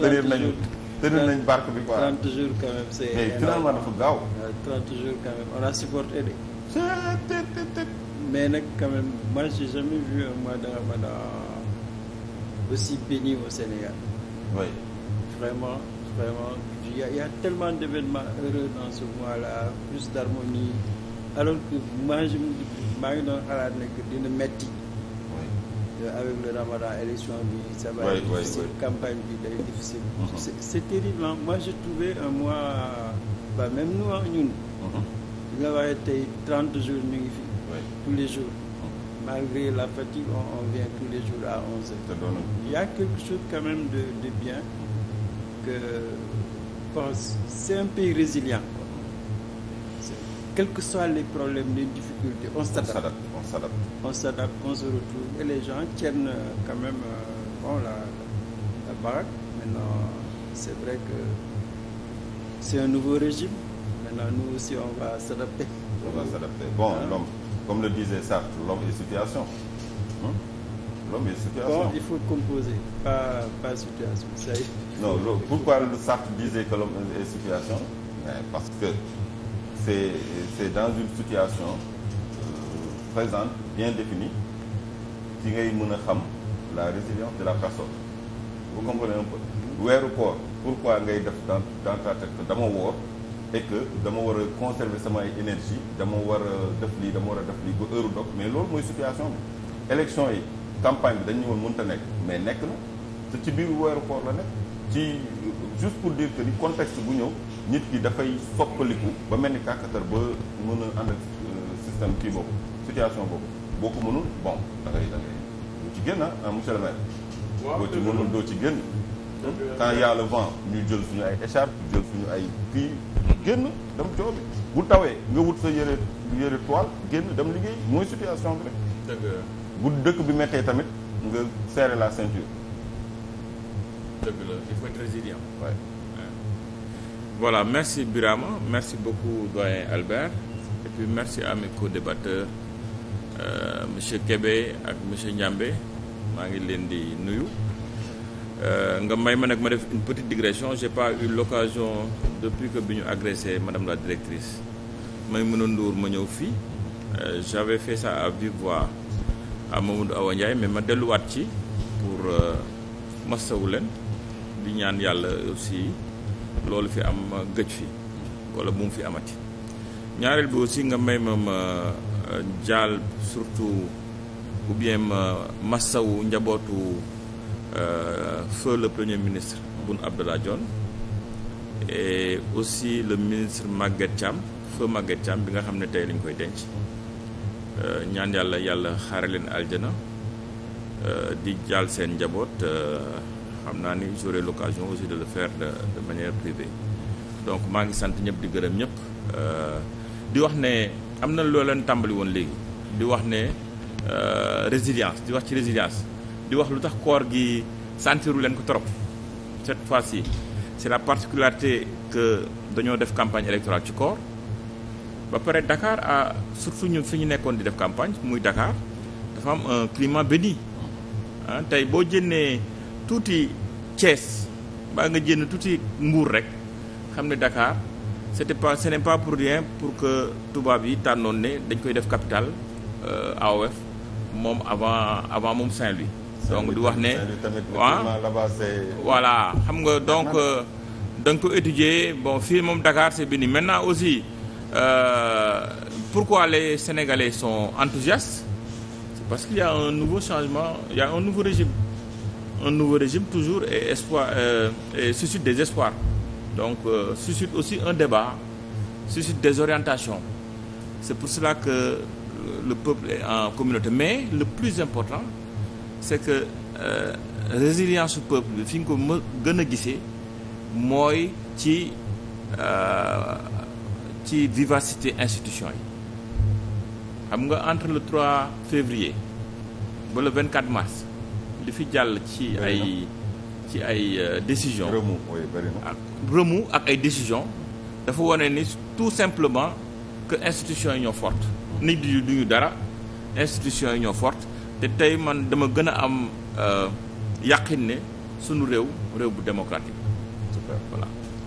tërir nañu tërir nañu barque bi quoi. 30 jours quand même c'est mais finalement dafa gaaw. waaw 30 jours quand on a supporté de. mais nag quand même moi j'ai jamais vu un mois de Ramadan aussi béni au Sénégal. oui. vraiment vraiment il y a, il y a tellement heureux dans ce mois-là plus d'harmonie alors que moi je maa ngi doon xalaat ne que dina Euh, avec le ramadan élection bi ça va ouais, être difficile ouais, ouais. campagne bi day difficile mm -hmm. c'est terrible hein? moi j'ai trouvé un mois bah même nous ah ñun li nga waxee tey trente jours ñu ngi fi tous les jours mhm. malgré la fatigue on, on vient tous les jours à onze heures il y a quelque chose quand même de de bien mhm. que bon c'est un pays résilient quels que soient les problèmes, les difficultés, on s'adapte. On s'adapte, on s'adapte. On se retrouve et les gens tiennent euh, quand euh, bon, la, la baraque. Maintenant, c'est vrai que c'est un nouveau régime. Maintenant, nous aussi, on va s'adapter. On va s'adapter. Bon, voilà. l'homme, le disait Sartre, l'homme est situation. Hein? L'homme est Bon, il faut composer, pas, pas non, pourquoi Sartre disait que l'homme est situation Parce que c'est c'est dans une situation euh, présente bien définie ci ngay mën a xam la résilience de la personne vous comprenez un peu weeru pour pourquoi ngay def dans dans ta tête dama woor et que dama war a conserver sama énergie dama war a def lii dama war a def lii ba heure dog mais loolu mooy situation bi élection yi campagne bi dañu woon mënta nekk mais nekk na te ci biir weeru koor la nekk ci juste pour dire que contexte bu ñëw nit ki dafay soppaliku ba mel ni kàkkatar ba mën a ànd ak euh, système kii boobu situation boobu boo ko mënul bon da ngay doo ci génn ah monsieur le maire. boo ci mënul doo ci génn. quand y a le vent ñu jël suñu ay écharpe jël suñu ay kii génn dem joobi bu tawee nga wut sa yëre yëre toile génn dem liggéey mooy situation bi rek. bu dëkk bi méttee tamit nga serrer la ceinture. dëgg voilà merci Birama merci beaucoup doyen Albert et merci à mes co-débatteurs euh, monsieur Kébé ak monsieur Ndiambé maa ngi leen di nuyu euh, nga may ma nag ma def une petite digression j'ai pas eu l'occasion depuis que bi ñu agressé madame la directrice Maïmouna Ndour ma ñëw fii euh, j'avais fait ça à vive voix à Mamadou Awa Ndiaye mais ma delluwaat ci pour masawu leen di ñaan yàlla aussi loolu fi am gëj fi wala bu mu fi amati ñaareel bi aussi nga may ma ma euh, jaal surtout ou bien ma massawu njabootu euh, feu le premier ministre Boun Abdallah Dionne et aussi le ministre Maguette Thiam feu Maguette Thiam bi nga xam ne tey lañ koy denc euh, ñaan yàlla yàlla xaare leen aljana di jaal seen njaboot am naa ni j'aurai l'occasion aussi de le faire de, de manière privée donc maa ngi sant ñëpp di gërëm ñëpp euh, di wax ne am na looleen tàmbali woon léegi di wax ne euh, résilience di wax ci résilience di wax lu tax koor gi santiru leen ko trop cette fois-ci c'est la particularité que dañoo def campagne électorale ci koor ba pare dakaar a surtout ñun fi ñu nekkoon di def campagne muy Dakar dafa am un climat béni ah tey boo jënnee tuuti Thiès baa nga jénn tuuti Mbour rek xam ne Dakar c'était pas ce n'est pas pour rien pour que tubaab yi tànnoon ne dañ koy def capitale euh, AOF moom avant avant moom Saint-Louis. donc di wax ne ah, voilà xam nga donc euh, da ko étudier bon fii moom Dakar c'est béni maintenant aussi euh, pourquoi les Sénégalais son enthousiastes c'est parce qu'il y a nouveau changement il y nouveau régime un nouveau régime toujours et espoir euh, et suscite des espoirs donc euh, suscite aussi un débat suscite des orientations c'est pour cela que le peuple est en communauté mais le plus important c'est que euh, résilience su peuple bi fi nga ko ma gën a gisee mooy ci euh, ci vivacité institution yi xam nga entre le 3 février ba le 24 mars li fi jàll ci ay ci ay euh, décision ak remous ak ay décision dafa wane ni tout simplement que institution yi ñoo forte nit di duñu dara institution yi ñoo fort te tey man dama gën a am euh, yàqin ne sunu réew réew bu démocratique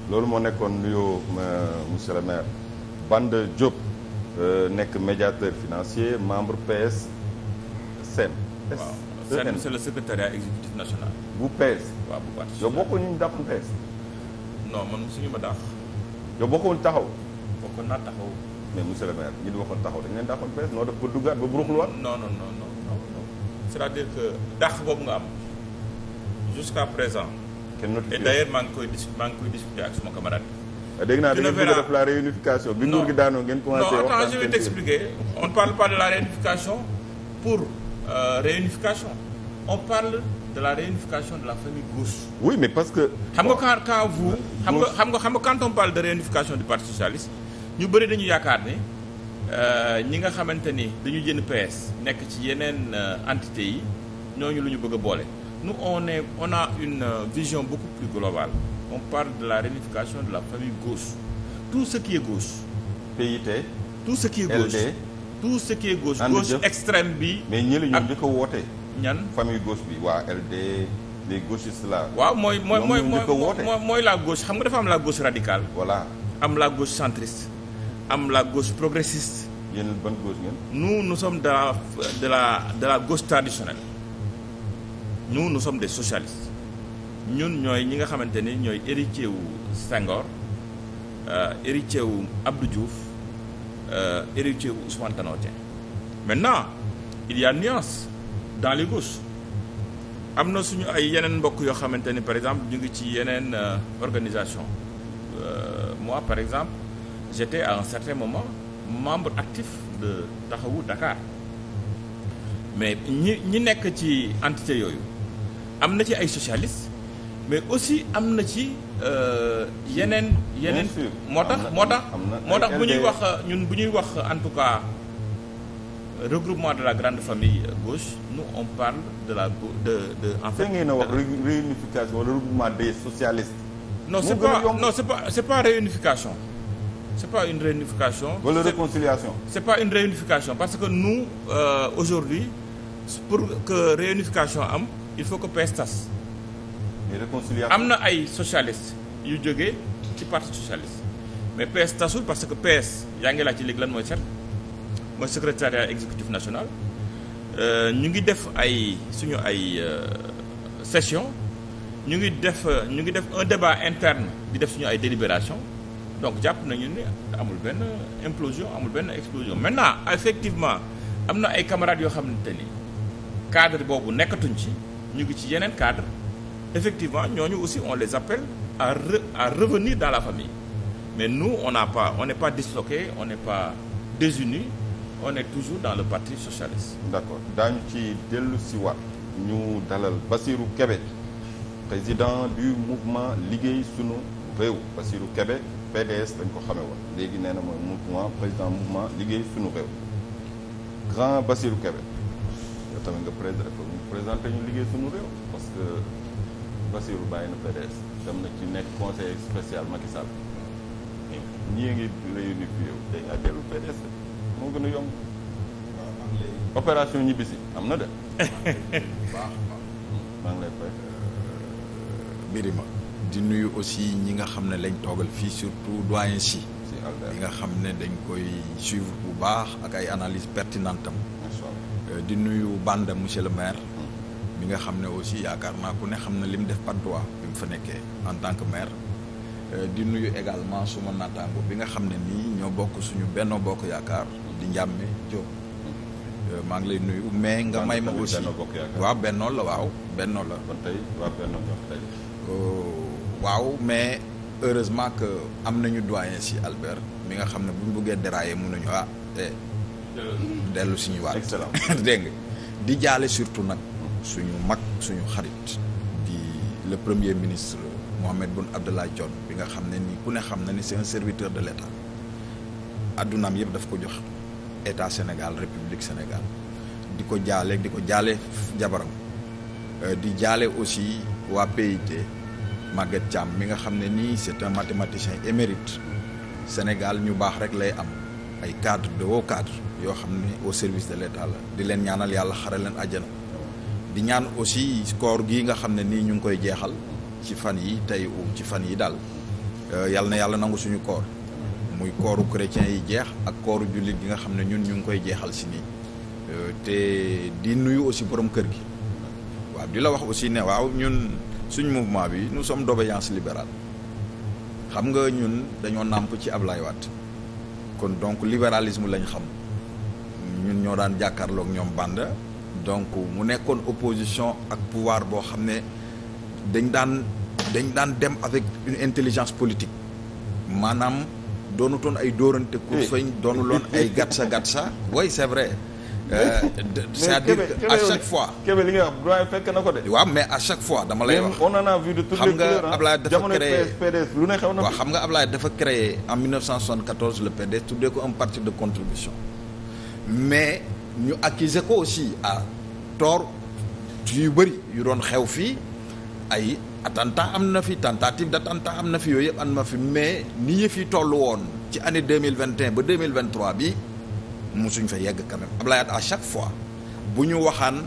loolu moo nekkoon nuyoo euh, monsieur le maire Banda Diop nekk médiateur financier membre PS SEM CERN c'est le secrétariat exécutif national. bu PS. waaw bu parti yow bokkoon ñu dàq PS. non man suñu ma dàq. yow bokkoon taxaw. bokkoon naa taxaw. mais monsieur le maire ñi di waxoon taxaw dañu leen dàqoon PS noo def ba duggaat ba buruxluwaat. non non non non non c'est-à-dire que am jusqu'à présent. kenn notifié et d'ailleurs maa ngi koy dis maa ngi koy discuter ak suma camarade. Ah, dégg naa da ngeen bëgg a la réunification bi nguur gi daanoo ngeen. commencé waxtaan non attends je vais t'expliquer on ne parle pas la réunification pour. euh, réunification on parle de la réunification de la famille gauche. oui mais parce que. xam nga quand vous. xam nga xam nga xam nga quand on parle de réunification du parti socialiste ñu bëri dañu yaakaar ne euh, ñi nga xamante ni dañu jënd PS nekk ci yeneen euh, entité yi ñooñu lu ñu bëgg a boole. nous on est on a une euh, vision beaucoup plus globale on parle de la réunification de la famille gauche tout ce qui est gauche. PIT. tout ce qui est tout ce qui est gauche extrême bi. mais ñële ñoom di ko woote. ñan famille gauche bi waa LD les gauchistes là. waaw mooy mooy mooy mooy la gauche xam nga dafa am la gauche radicale. voilà am la gauche centriste. am la gauche progressiste. yéen ban gauche ngeen. nu nous sommes de la de la de la gauche traditionnelle. nous nous sommes des socialistes. ñun ñooy ñi nga xamante ni ñooy héritier wu Senghor euh, héritier wu Uh, héritier bu Ousmane Tanor Dieng maintenant il y a nuance dans les gauches am na suñu ay yeneen mbokk yoo xamante ni par exemple ñu ngi ci yeneen euh, organisation euh, moi par exemple j'étais à un certain moment membre actif de Taxawu Dakar mais ñi ñi nekk ci entité yooyu am na ci ay socialistes mais aussi am na ci Euh, yeneen yeneen moo tax moo tax moo tax bu ñuy wax ñun bu ñuy wax en tout cas regroupement de la grande famille gauche nous on parle de la de de en fait. ngeen a wax réunification wala regroupement des socialistes. non c'est pas non c'est pas c'est pas réunification. c'est pas une réunification. pas une réunification parce que nous euh, aujourd'hui pour que réunification am il faut que PS am na ay socialiste yu jóge ci parti socialiste mais PS tasul parce que PS yaa ngi laaj ci léegi lan mooy set mooy secrétariat exécutif national euh, ñu ngi def ay suñu ay euh, session ñu ngi def ñu ngi def un débat interne di def suñu ay délibération donc jàpp nañu ne amul benn implosion amul benn explosion maintenant effectivement am na ay camarades yoo xamante ni cadre boobu nekkatuñ ci ñu ngi ci yeneen cadre effectivement ñooñu aussi on les appelle à re, à revenir dans la famille mais nous on n'a pas on n'est pas disloqué on n'est pas désuni on est toujours dans le parti socialiste. d'accord daañu ci dellu si waat ñu dalal Bassirou Kébé président du mouvement liggéey sunu réew Bassirou Kébé PDS dañ ko xamee woon léegi nee na mooy mouvement président mouvement liggéey sunu réew grand Bassirou Kébé yow tamit nga présenté ñu liggéey sunu réew parce que. Bassirou bàyyi na PDS dem na ci nekk conseil spécial Macky Sall ñii ngi réunifié wu dañ addeelu PDS moo gën a yomb opération ñibbisi am na de maa di nuyu aussi ñi nga xam ne lañ toogal fii surtout doyen si li nga xam ne dañ koy suivre bu baax ak ay analyse pertinantam am euh, di nuyu bande monsieur le maire mi nga xam ne aussi yaakaar naa ku ne xam na li mu def Patte-d'Oie bi mu fa nekkee en tant que maire euh, di nuyu également suma naataango bi nga xam ne nii ñoo bokk suñu Benno Bokk Yaakaar di njàmme Diop euh, maa ngi lay nuyu mais nga may ma aussi waaw Benno la waaw Benno la euh, waaw mais heureusement que am nañu doyen si Albert mi nga xam ne bu buggee bëggee dérailler mun nañu ah dellu suñu waat dégg nga di jaale surtout nag suñu mag suñu xarit di le premier ministre Mohamed Boun Abdallah Dionne bi nga xam ne ni ku ne xam na ni c'est serviteur de l'État addunaam yëpp daf ko jox État Sénégal République senegal di ko jaalee di ko jaale jabaram euh, di jaale aussi waa PIT Maguette Thiam mi nga xam ne nii c'est un mathématicien émérite Sénégal ñu baax rek lay am ay cadre de haut cadre yoo xam ne au service de l'État la di leen ñaanal yàlla xare leen ajana di ñaan aussi koor gi nga xam ne nii ñu ngi koy jeexal ci fan yi tey ci fan yi daal euh, yal na yàlla nangu suñu koor muy kooru chrétien yi jeex ak kooru jullit gi nga xam ne ñun ñu ngi koy jeexal si nii euh, te di nuyu aussi borom kër gi waaw di la wax aussi ne waaw ñun suñu mouvement bi nous sommes d'obéissance libérale xam nga ñun dañoo nàmp ci Ablaye wat kon donc libéralisme lañ xam ñun ñoo daan jàkkaarloog ñoom bànd donc mu nekkoon opposition ak pouvoir boo xam ne dañ daan dañ daan dem avec une intelligence politique maanaam doonutoon ay dóorante kursoñ doonuloon ay gatsa gatsa oui c'est vrai Euh, c'est-à-dire que à chaque fois Kébé li nga wax doy fekk na waaw mais à chaque fois dama lay wax on a vu de toutes les couleurs xam nga Ablaye dafa créé PDS lu ne xew na waaw xam nga Ablaye dafa créé en 1974 le PDS tuddee ko un parti de contribution mais ñu accuser ko aussi à tort yu bëri yu doon xew fii ay attentat am na fi tentative d'attentat am na fi yooyu yëpp am na fi mais ni yëf yi toll woon ci année deux mille vingt et un ba bi mille suñ fa yegg quand même Abdoulaye Wade à chaque fois bu ñu waxaan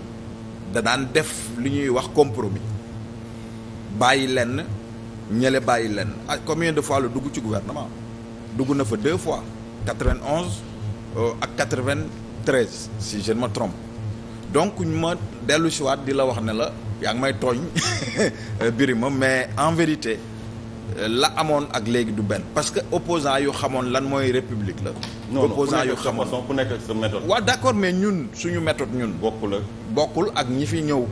da daan def li ñuy wax compromis bàyyi lenn ñele bàyyi lenn ah combien de fois la dugg ci gouvernement dugg na fa deux fois quatre vingt onze euh, ak quatre vingt treize si jeune ne me donc ñu ma dellu si waat di la wax ne la yaa ngi may tooñ Birima mais en vérité la amoon ak léegi du benn parce que opposant yu xamoon lan mooy république la. opposant yu xamoon ku nekk ak sa méthode. waaw d'accord mais ñun suñu méthode ñun. bokkul ak bokkul ak ñi fi ñëw.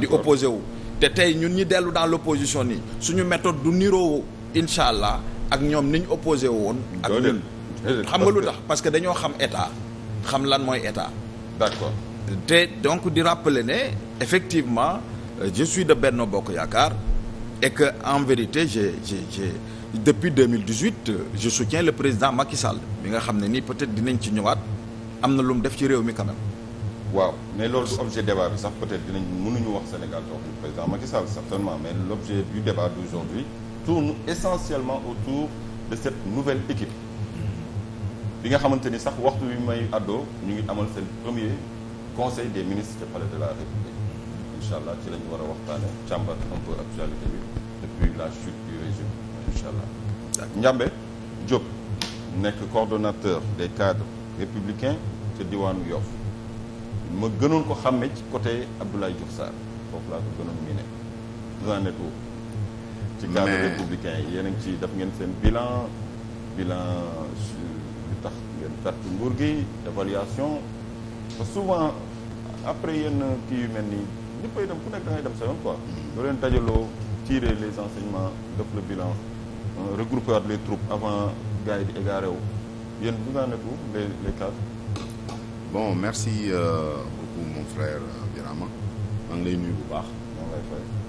di opposé wu. te tey ñun ñi dellu dans l'opposition nii suñu méthode du niroo incha allah ak ñoom ni ñu opposé woon. ak ñun xam nga lu tax parce que dañoo xam état xam lan mooy état. d'accord. te donc di rappeler ne effectivement euh, je suis de Benno Bokk Yaakaar et que en vérité j'ai j'ai j'ai depuis 2018 euh, je soutiens le président Macky Sall bi nga xam ne nii peut-être dinañ ci ñëwaat am na lu mu def ci réew mi kanam waaw mais loolu objet débat bi sax peut-être dinañ ñu wax Sénégal toog du président Macky Sall certainement mais l'objet du débat d'aujourd'hui tourne essentiellement autour de cette nouvelle équipe. Mm-hmm. bi nga xamante ni sax waxtu wi may àddoo ñu ngi amal seen premier. conseil de ministres ci palais de la république incha allah ci la war a waxtaane càmbar un peu actualité bi depuis la chute du régime incha allah Ndiambé Diop nekk coordonnateur des cadres républicains ca diwaanu Yoff ma gënoon ko xàmme ci côté Abdoulaye Diouf Sarr foofu laa ko gënoon mu ne vous en êtes ci cadre républicain yi yéen a ngi ci def ngeen seen bilan bilan su tax ngeen perte nguur gi évaluation souvent après yenn kii yu mel nii ñëppay dem ku nekk da ngay dem sa yoon quoi. doo leen dajaloo tirer les enseignements def le bilan euh, regrouper les troupes avant gars yi di égaré wu bu nga nekku les les bon merci euh, beaucoup mon frère euh, Birama maa ngi lay bu baax.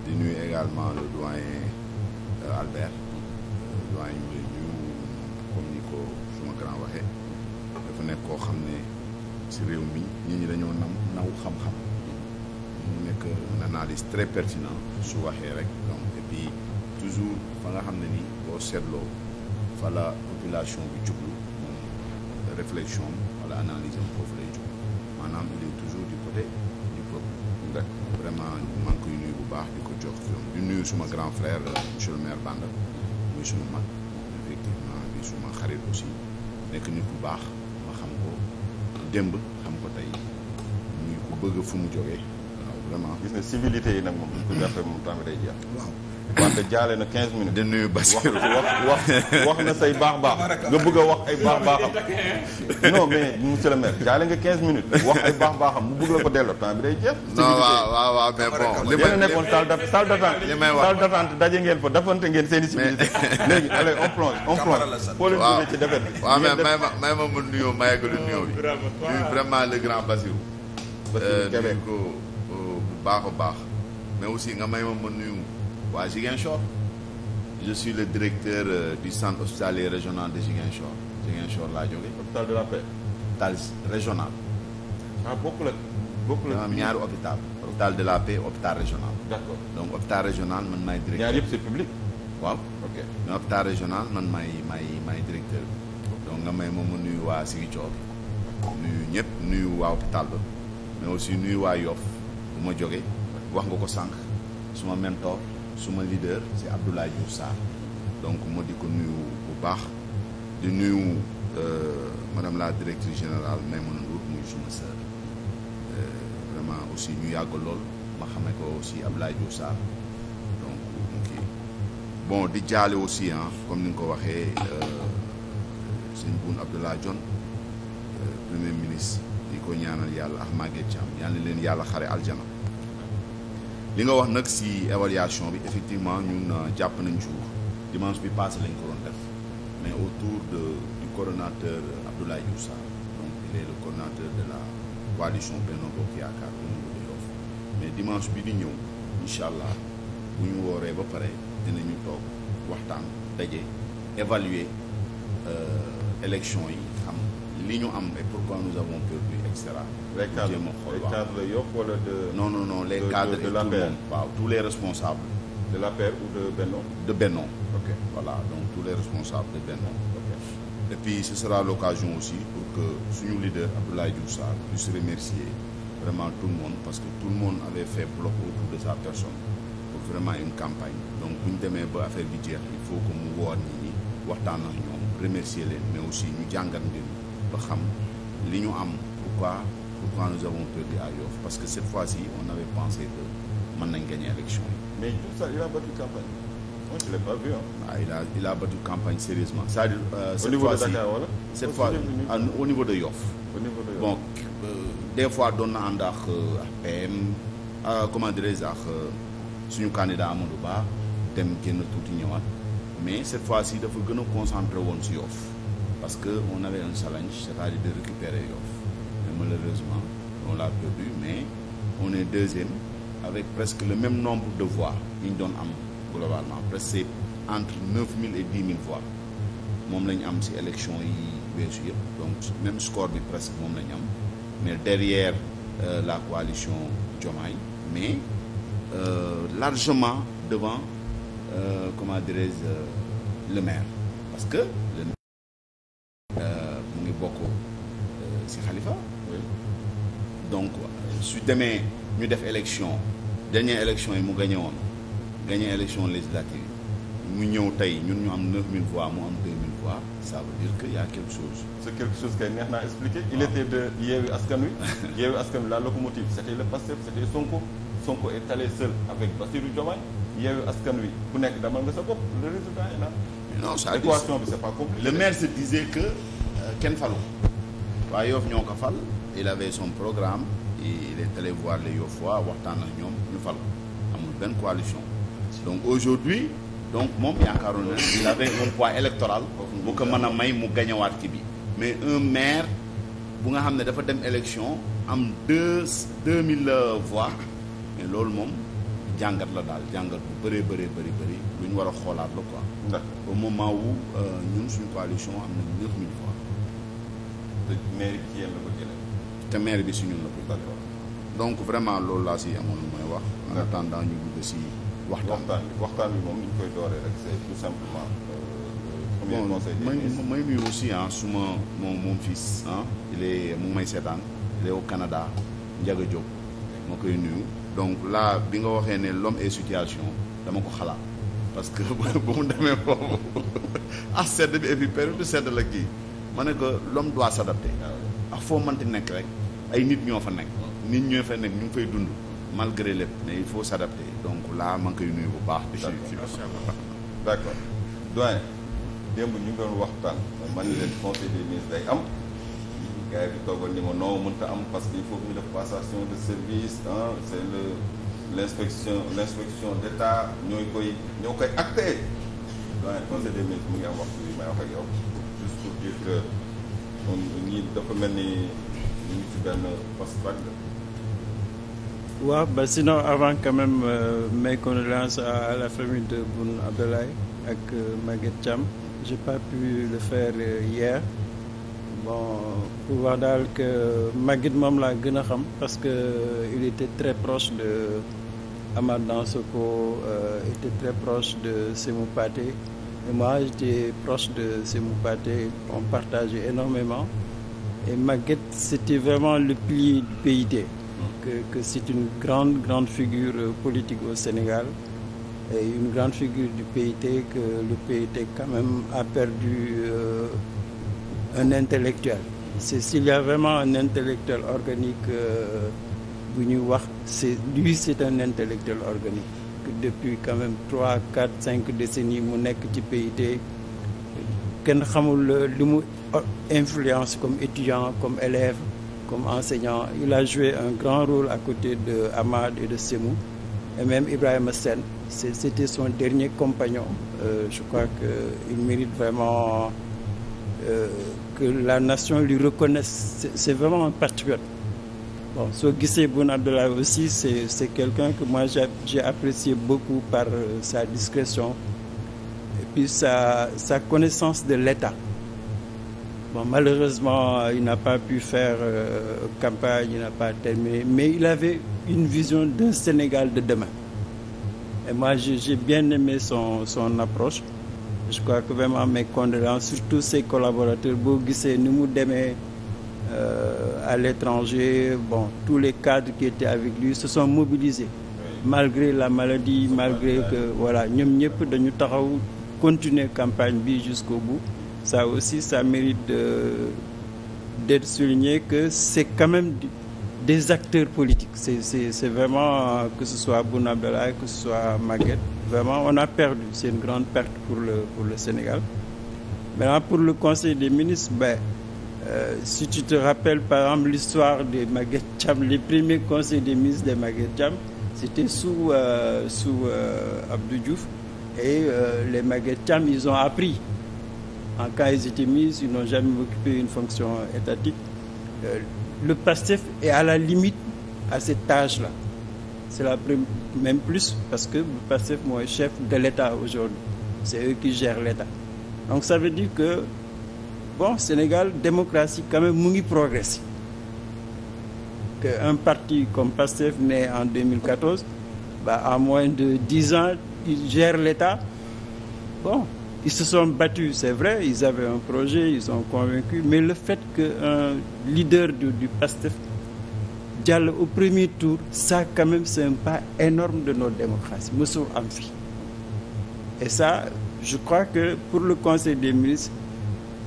di nuyu également le doyen euh, Albert le euh, doyen ñu lay nuyu comme ni grand waxee dafa nekk koo xam ne. si réew mi nit ñi dañoo nam naw xam-xam mu nekk une analyse pertinent su waxee rek donc et toujours fa nga xam ne ni boo seetloo fa la population bi jublu moom réflexion wala analyse am foofu toujours du côté du peuple rek vraiment maa ngi koy nuyu bu baax di ko jox di nuyu suma grand frère monsieur le maire muy suma mag effectivement di suma xarit aussi nekk nit bu baax ma xam ko démb xam ko tey muy ku bëgg fu mu jógee waaw vraiment. gis nga civilité yi nag moom. bu ñu moom temps bi day wante jaale na quinze minutes. di nuyu Bassirou wax wax wax na say baax baax nga bëgg a wax ay baax baaxam. non mais monsieur le maire jaale nga quinze minutes wax ay baax baaxam mu bëgg la ko delloo temps bi day jeex. non waaw waaw waaw mais bon. li may wax daje ngeen fa dafante ngeen seen i civilité. léegi allez on plonge may ma may vraiment le grand Bassirou. Bassirou euh, Kébé nuyu ko euh, nga may ma ma nuyu. waa Ziguinchor je suis le directeur euh, du centre hospitalier régional de Ziguinchor Ziguinchor laa jógee. hôpital de la régional. ah bokkul ak ñaari hôpital. hôpital de la paix hôpital régional. donc hôpital régional man maay directeur. ñaar yëpp c'est public. waaw régional man maay maay maay directeur bi. donc nga may moom mu nuyu waa Ziguinchor. nuyu ñëpp nuyu waa hôpital ba. mais aussi nuyu waa Yoff bu ma jógee. wax nga ko sànq suma mentor. suma lider c'est Abdoulaye Diouf Sarr donc moo di ko nuyu bu baax di nuyu euh, madame la directrice générale Maïmouna Ndour muy suma sœur euh, vraiment aussi ñu yàgg lool ma xamee ko aussi Abdoulaye Diouf Sarr donc bon di jaale aussi ah ni nga ko waxee euh, sëñ Boun Abdallah Dionne premier ministre di ko ñaanal yàlla ak Maguette Thiam ñaan leen yàlla xare aljana li nga wax nag si évaluation bi effectivement ñu na euh, jàpp nañ jour dimanche bi passé lañ ko doon def mais autour de du coordonnateur Abdoulaye Diouf donc il est le coordonnateur de la coalition Benno Bokk Yaakaar au mais dimanche bi di ñëw incha allah bu ñu wooree ba pare dinañu toog waxtaan daje évaluer euh, élection yi xam li ñu am et pourquoi nous avons perdu et cetera. les cadres les cadres yokk wala de. non non non les de, cadres de, waaw tous les responsables. de l'APR ou de Benno. de Benno. voilà donc tous les responsables de et puis ce sera l'occasion aussi pour que suñu leader Abdoulaye Diouf Sarr puisse remercier vraiment tout le monde parce que tout le monde avait fait bloc autour de sa pour vraiment une campagne. donc bu ñu demee ba affaire bi jeex il faut que mu woo nit ñi waxtaan ak ñoom remercier leen mais aussi ñu jàngat leen ba xam li ñu am. pas pourquoi nous avons perdu parce que cette fois-ci on avait pensé que mën nañ gagner élection yi. mais tout ça il a battu campagne. moi je l'ai ah, campagne sérieusement c'est-à-dire. Euh, cette fois-ci au niveau de Dakar wala. cette fois au niveau de Yoff. au niveau de Yoff bon euh, des fois doon na ànd ak euh, PM euh, comment dirais-je ak euh, suñu candidat Amadou Ba dem génn tuuti ñëwaat mais cette fois si dafa gën a concentré woon si Yoff parce que on avait un challenge c'est-à-dire de récupérer Yoff. malheureusement on l'a perdu mais on est deuxième avec presque le même nombre de voix yi ñu doon am globalement presque entre neuf mille et dix mille voix moom la ñu am ci élection yi weesu yëpp donc même score bi presque moom lañu am mais derrière euh, la coalition Diomaye mais euh, largement devant euh, comment dirais-je euh, le maire parce que le su demee ñu def élection dernière élection yi mu gagné woon gagné élection législative mu ñëw tey ñun ñu am 9000 voix mu am 2000 voix ça veut dire que y a quelque chose. c'est quelque chose kay neex naa expliquer. il ah. était de Yewwi Askan Wi. Yewwi Askan Wi la locomotive c'était le Pastef c'était Sonko Sonko est allé seul avec Bassirou Diomaye Yewwi Askan Wi bu nekk demal nga sa bopp le résultat est là. non ça équation bi c'est le maire se disait que euh, kenn falu. waaye yo ñoo ko fal il avait son programme. il est allé voir les Yofoa waxtaan ak ñoom ñu fal amul benn coalition donc aujourd'hui donc moom yaakaaroon na il avait un poids électoral bu ko mën a may mu gañawaat ci bi mais un maire bu nga xam ne dafa dem élection am deux deux mille euh, voix mais loolu moom jàngat la daal jàngat bu bëree bëree bëri bëri lu ñu war a xoolaat la quoi d'accord au moment où euh, ñun suñu coalition am na neuf mille maire ki yéen la ko jëlee te maire bi si ñun la ko donc vraiment loolu laa si amoon mooy wax en attendant ñu dugg si waxtaan bi moom ñu koy dooree rek c'est tout simplement euh, premier conseil may nuyu aussi ah suma moom moom fils ah mu may seetaan il est au Canada Ndiaga moo koy nuyu donc là bi nga waxee ne l'homme et situation dama ko xalaat parce que bu mu demee foofu ah sedd bi et puis sedd la kii ma ne que l'homme doit s'adapter ak ah ah, foo mënti nekk rek ay nit ñoo fa nekk. nit ñoo fa nekk ñu ngi fay dund malgré lépp mais il faut s'adapter donc là maa ngi yu nuyu bu baax. d' doyen démb ñu ngi doon waxtaan man ni leen conseil des ministres day am. gars yi ni ma non mënta am parce que il faut ñu def passation de service ah c' est le l' inspection l' inspection d' état ñooy koy ñoo koy acté. doyen conseil des ministres mu ngi am waxtu may wax ak yow juste pour dire que ñi dafa mel ni. ci benn waaw ba sinon avant quand même euh, mes condoléances à, à la famille de Boun Abdallah ak euh, Maguette Thiam j'ai pas pu le faire euh, hier bon pour wax daal que Maguette moom laa gën a xam parce que euh, il était très proche de Amath Dansokho euh, de Sémou Pathé et moi j'étais proche de Sémou Pathé on partageait énormément Et Maguette, c'était vraiment le pilier du PIT, que, c'est une grande, grande figure euh, politique au Sénégal et une grande figure du PIT, que le PIT quand même a perdu euh, un intellectuel. C'est s'il y a vraiment un intellectuel organique, euh, c'est, lui c'est un intellectuel organique. Que depuis quand même 3, 4, 5 décennies, mon PIT, influence comme étudiant, comme élève, comme enseignant. Il a joué un grand rôle à côté de Ahmad et de Semou. Et même Ibrahim Sen, c'était son dernier compagnon. Euh, je crois qu'il mérite vraiment euh, que la nation lui reconnaisse. C'est vraiment un patriote. Bon, so Guissé Bounabdallah aussi, c'est quelqu'un que moi j'ai apprécié beaucoup par euh, sa discrétion et puis sa, sa connaissance de l'État. Bon, malheureusement, il n'a pas pu faire euh, campagne, il n'a pas terminé, mais il avait une vision d'un Sénégal de demain. Et moi, j'ai bien aimé son, son approche. Je crois que vraiment mes condoléances, surtout ses collaborateurs, Bougissé, Noumoudemé, euh, à l'étranger, bon, tous les cadres qui étaient avec lui se sont mobilisés. Malgré la maladie, malgré que, voilà, nous avons continuer la campagne jusqu'au bout. Ça aussi, ça mérite d'être souligné que c'est quand même des acteurs politiques. C'est vraiment, que ce soit Bounabela, que ce soit Maguette, vraiment, on a perdu. C'est une grande perte pour le, pour le Sénégal. Maintenant, pour le Conseil des ministres, ben, euh, si tu te rappelles par exemple l'histoire des Maguette Cham, les premiers conseils des ministres des Maguette Cham, c'était sous, euh, sous euh, Abdou Diouf. Et euh, les Maguette Cham, ils ont appris En cas ils étaient mis, ils n'ont jamais occupé une fonction étatique. Euh, le PASTEF est à la limite à cette tâche-là. C'est la même plus parce que le PASTEF, moi, est chef de l'État aujourd'hui. C'est eux qui gèrent l'État. Donc ça veut dire que, bon, Sénégal, démocratie, quand même, mouni progresse. Qu'un parti comme PASTEF né en 2014, à moins de dix ans, il gère l'État. Ils se sont battus, c'est vrai, ils avaient un projet, ils sont convaincus, mais le fait qu'un leader du, du PASTEF jàll au premier tour, ça quand même c'est un pas énorme de notre démocratie, mësul am Et ça, je crois que pour le Conseil des ministres,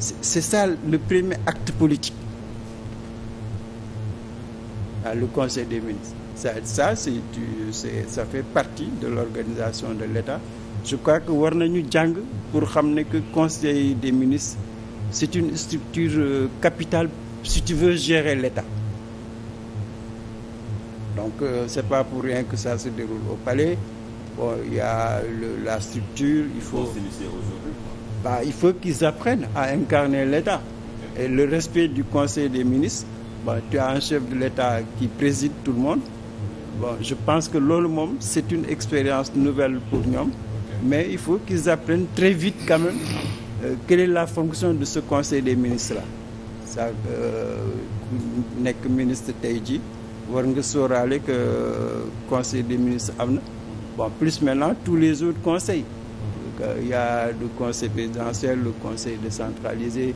c'est ça le premier acte politique. Ah, le Conseil des ministres. Ça, ça, c'est, ça fait partie de l'organisation de l'État. je crois que war nañu jàng pour xam ne que conseil des ministres c'est une structure euh, capitale si tu veux gérer l'État donc euh, c'est pas pour rien que ça se déroule au palais bon il y a la structure il faut bah, il faut qu'ils apprennent à incarner l'État et le respect du conseil des ministres bon tu as un chef de l'État qui préside tout le monde je pense que loolu moom c'est une expérience nouvelle pour ñoom Mais il faut qu'ils apprennent très vite quand même euh, est la fonction de ce conseil des ministres la ça euh, ku nekk ministre tey ji war nga sóoraale que euh, conseil des ministres am na bon plus maintenant tous les autres conseils euh, il y a le conseil présidentiel le conseil décentralisé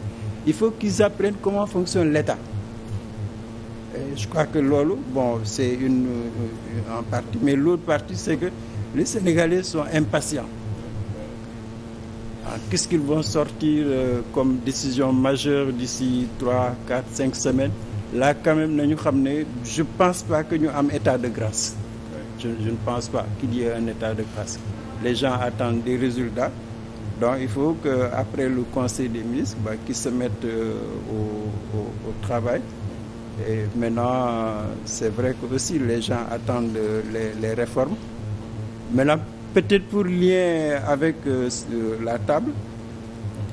il faut qu'ils apprennent comment fonctionne l'État et je crois que loolu bon c'est une, une en partie mais l'autre partie c'est que les Sénégalais sont impatients. Ah, qu'est-ce qu'ils vont sortir euh, comme décision majeure d'ici trois quatre cinq semaines là quand même nañu xam ne je pense pas que ñu am état de grâce je, je ne pense pas qu'il y ait un état de grâce les gens attendent des résultats donc il faut que après le conseil des ministres bah, qu'ils se mettent euh, au, au, au travail et maintenant c'est vrai que aussi les gens attendent euh, les, les réformes Maintenant, peut-être pour lien avec euh, euh, la table,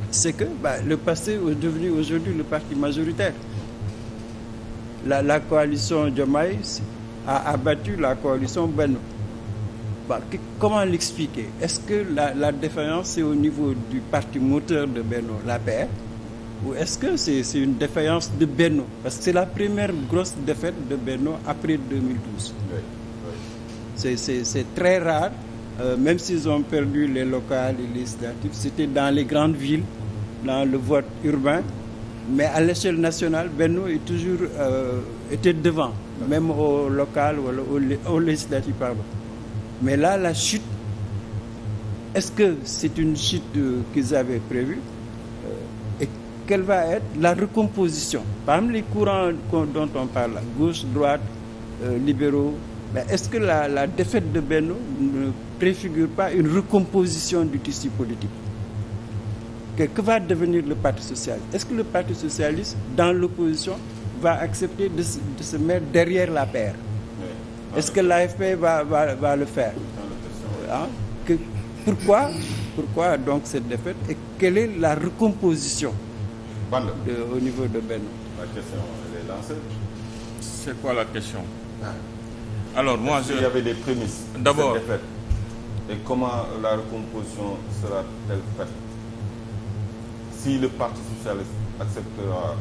c'est que bah, le passé est devenu aujourd'hui le parti majoritaire. La, la coalition Diomaye a abattu la coalition Benno. Bah, que, comment l'expliquer Est-ce que la, la défaillance est au niveau du parti moteur de Benno, la PR ou est-ce que c'est est une défaillance de Benno Parce que c'est la première grosse défaite de Benno après 2012. Oui. C'est très rare. Euh, même s'ils ont perdu les locales, les législatives, c'était dans les grandes villes, dans le vote urbain. Mais à l'échelle nationale, Benno est toujours euh, était devant, même au local ou au, législatif, pardon. Mais là, la chute, est-ce que c'est une chute euh, qu'ils avaient prévue euh, Et quelle va être la recomposition Parmi les courants dont on parle, gauche, droite, euh, libéraux, mais est-ce que la la défaite de Benno ne préfigure pas une recomposition du tissu politique que que va devenir le Parti socialiste est-ce que le Parti socialiste dans l'opposition va accepter de se, de se mettre derrière la paire oui, est-ce que l'AFP va le faire ah que pourquoi pourquoi donc cette défaite et quelle est la recomposition de, au niveau de Benno la question c'est quoi la question ah. alors moi je... il y avait des prémices. d'abord et comment la recomposition sera-t-elle faite si le Parti socialiste acceptera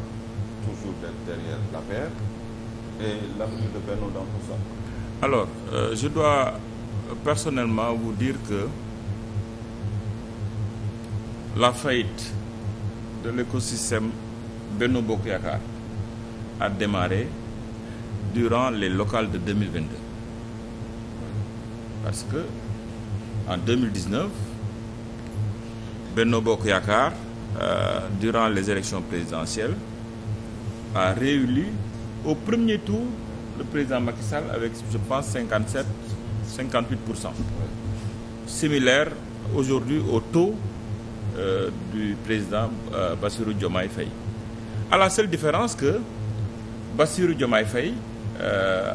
toujours derrière la et l'avenir de Benno dans tout ça alors euh, je dois personnellement vous dire que la faillite de l'écosystème Benno Bokk Yakaar a démarré durant les locales de 2022 parce que en 2019 Benno Bokk Yaakaar euh, durant les élections présidentielles a réélu au premier le président Macky Sall avec je pense 57 58 pour cent similaire aujourd'hui au taux euh, président euh, Bassirou Diomaye à la seule différence que Bassirou Diomaye euh,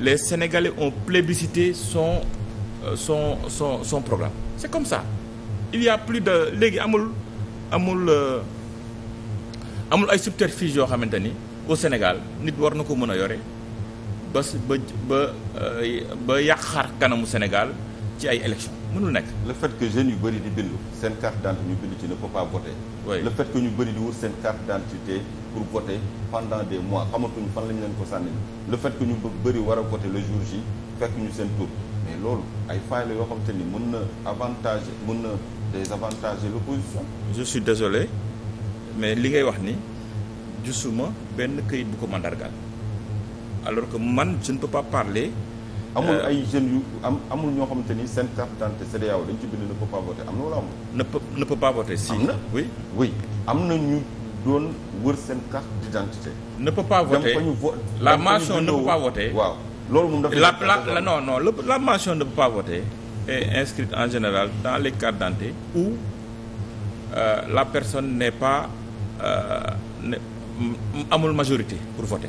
les Sénégalais ont plébiscité son euh, son son son programme c'est comme ça il y plus de léegi amul amul euh, amul ay subterfuge yoo xamante ni au Sénégal nit war na ko mën a yore ba ba ba euh, ba yàq kanamu Sénégal ci ay élections mënul nekk. le fait que jeunes yu bëri di bindu seen carte d'identité ñu bindu ci ne peut pas voter. Oui. le fait que ñu bari di wut seen carte d'identité pour voter pendant des mois xamatuñu fan lañ leen ko sànni le fait que ñu bëri war a voter le jour J fekk ñu seen tour mais loolu ay failles la yoo xam te ni mën na avantage mën na désavantager l'opposition. je suis désolé mais li ngay wax ni gisuma benn këyit bu ko mandargaal alors que man je ne peux parler. amul euh, ay jeunes yu am amul ñoo xamante ni seen carte d'identité CEDEAO dañ ci bind ne peut pas voter am na wala amul. na peut ne voter si. am na oui oui am na ñu doon wër seen carte d'identité. ne peut pas voter dem la mention ne peut pas voter. waaw loolu moom dafa la la non non la mention ne peut pas voter est inscrite en général dans les cartes d'identité où euh, la personne n'est pa euh, amul majorité pour voter.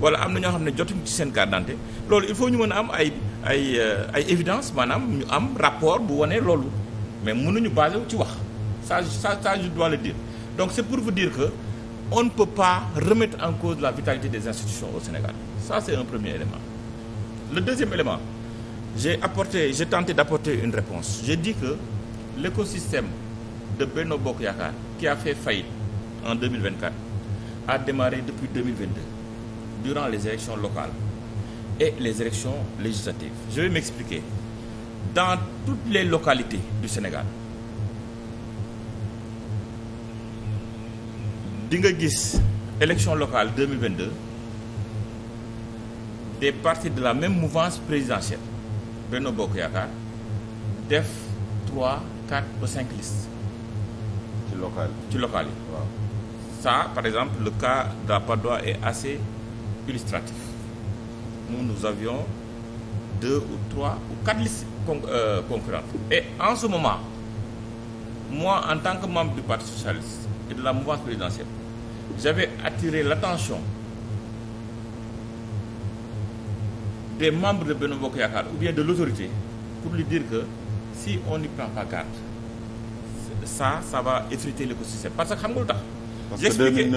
wala am na ñoo xam ne jotuñu ci seen carte loolu il faut ñu mën a am ay ay euh, ay évidence maanaam ñu am rapport bu wane loolu mais mënuñu basé wu ci wax ça ça ça je dois le dire donc c'est pour vous dire que on ne peut pas remettre en cause la vitalité des institutions au Sénégal ça c'est un premier élément le deuxième élément j'ai apporté j'ai tenté d'apporter une réponse j'ai dit que l'écosystème de Benno Bokk Yaakaar qui a fait faillite en 2024 a démarré depuis 2022 durant les élections locales et les élections législatives. Je vais m'expliquer. Dans toutes les localités du Sénégal di nga gis élection locale 2022 des partis de la même mouvance présidentielle Benno Bokk Yaakaar def 3 4 ou 5 listes. ci local ci local yi. waaw ça par exemple le cas de la Patte d'Oie est assez. illustratif. Nous, nous avions deux ou trois ou quatre listes con euh, Et en ce moment, moi, en tant que membre du Parti socialiste et de la mouvance présidentielle, j'avais attiré l'attention des membres de Benno Bokk Yaakaar ou bien de l'autorité pour lui dire que si on n'y prend pas garde ça ça va effriter l'écosystème parce que xam a vécu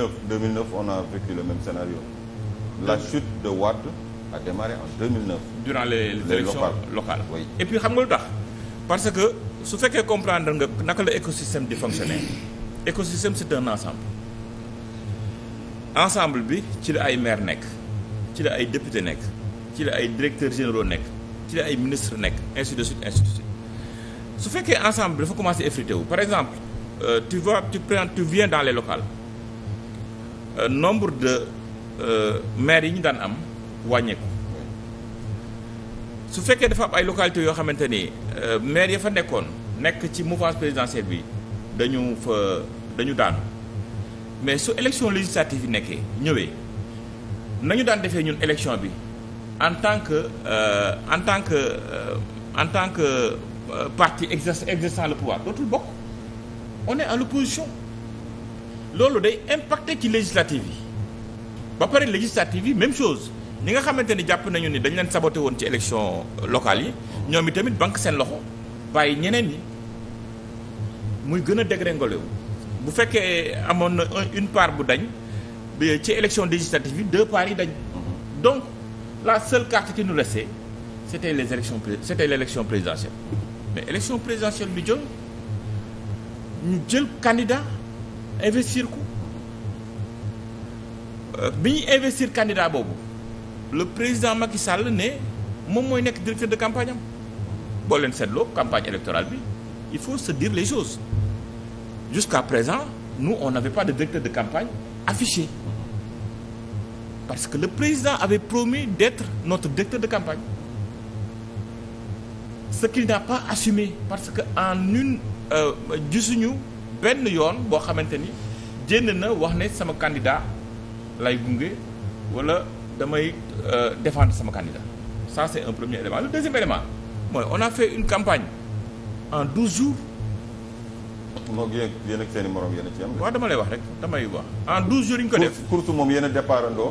le même scénario. la chute de Wade a démarré durant les, les locales. et puis xam nga lu tax parce que su fekkee comprendre nga naka la écosystème di fonctionner écosystème c'est un ensemble ensemble bi ci la ay maire nekk ci la ay député nekk ci la ay directeurs généraux nekk ci la ay ministre nekk de suite su fekkee ensemble bi dafa commencer effrité wu par exemple euh, tu vois tu prends tu dans les locales euh, nombre de Euh, maire yi ñu daan am wàññeeku su fekkee dafa am ay localités yoo xamante ni euh, maire ya fa nekkoon nekk ci mouvance présidentielle bi dañu fa dañu daanu mais su élection législative yi nekkee ñëwee nañu daan defee ñun élection bi en tant que euh, en tant que euh, en tant que euh, parti exerce exerçant le pouvoir bokk on est à loolu day impacté ci législative yi ba pare législative yi même chose ñi nga xamante ni jàpp nañu ni dañ leen saboté woon ci élection locale yi ñoom itamit banque seen loxo bàyyi ñeneen ñi muy gën a dégringolé wu bu fekkee amoon na une part bu dañ ci élection législative yi deux parts yi dañ donc la seule carte qui nous restait c'était les élections c'était l'élection présidentielle mais élection présidentielle bi jël ñu jël candidat investir ko bi ñuy investir candidat boobu le président Macky Sall ne moom mooy nekk directeur de campagne am boo leen seetloo campagne électorale bi il faut se dire les choses jusqu'à présent nous on n'avait pas de directeur de campagne affiché parce que le président avait promis d'être notre directeur de campagne ce qu'il n'a pas assumé parce que en une euh, gisuñu benn yoon boo xamante ni jénn na wax ne sama candidat lay gunge wala damay euh, défendre sama candidat ça c'est un premier élément le deuxième élément mooy on a fait une campagne en douze jours. moom yéen seen morom yéen a ci am. waaw dama lay wax rek damay wax en douze jours yi ko def. course moom yéen a départ andoo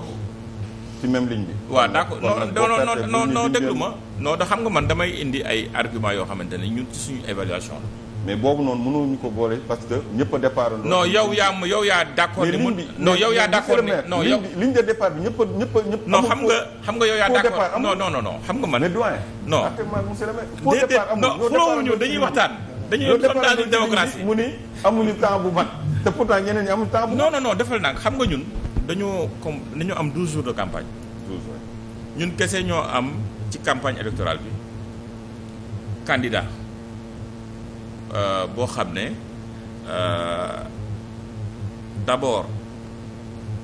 ci même ligne bi. waaw d'accord non non non déglu ma noo da xam nga man damay indi ay argument yoo xamante ne ñun ci suñu évaluation la. mais boobu noonu mënuñu ko boole parce que ñëpp a départ. non yow yaa ma yow yaa d' accord. mais ligne bi non yow yaa d' accord ne non yow ligne a ñëpp a ñëpp. non xam nga xam nga yow yaa d' accord non non non te pourtant ñeneen ñi amuñu temps bu. non non non defal naa xam nga ñun dañoo comme dañoo am 12 jours de campagne. ñun kese ñoo am ci campagne électorale bi candidat Euh, boo xam ne euh, d'abord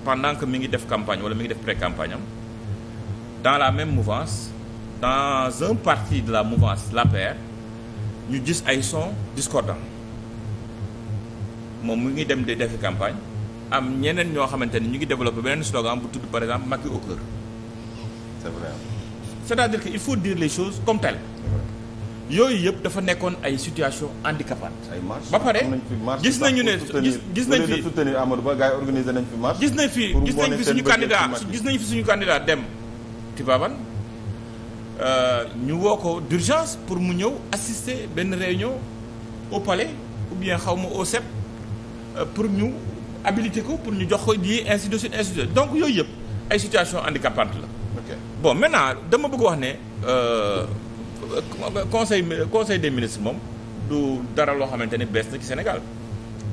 pendant que mi ngi def campagne wala mi ngi def pré-campagne am dans la même mouvance dans un parti de la mouvance l'APR ñu gis ay sons discordants moom mu ngi dem de defi campagne am ñeneen ñoo xamante ni ñu ngi développé beneen slogan bu tudd par exemple Macky au cœur. c'est vrai. à dire que il faut dire les choses comme telles. yooyu yëpp dafa nekkoon ay situation handicapante ba pare gis nañu ne gis nañ fi Amadou Ba gars yi organisé nañ fi marche gis nañ fi gis nañ fi suñu candidat gis nañ fi suñu candidat dem Tivaouane euh, ñu woo ko d'urgence pour mu ñëw assister benn réunion au palais ou bien xaw ma au CEP euh, pour ñu abilité ko pour ñu jox ko di ainsi de suite ainsi donc yooyu yëpp ay situation handicapante la bon maintenant dama bëgg wax ne euh, conseil conseil des ministres moom du dara loo xamante ni bees na ci Sénégal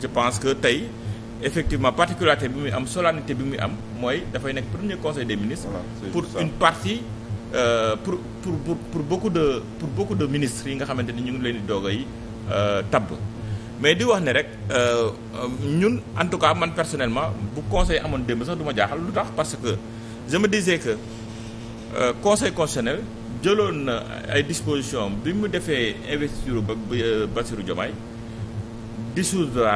je pense que tey effectivement particularité bi muy am solennité bi muy am mooy dafay nekk premier conseil des ministre voilà, pour une partie euh, pour, pour pour pour beaucoup de pour beaucoup de ministres yi nga xamante ni ñu ngi leen di doog ay euh, tabb mais di wax ne rek euh, ñun en tout cas man personnellement bu conseil amoon démb sax du ma jaaxal lu tax parce que je me disais que euh, conseil constitutionnel jëloon na ay disposition bi mu defee investiture ba euh, Bassirou Diomaye dissoudre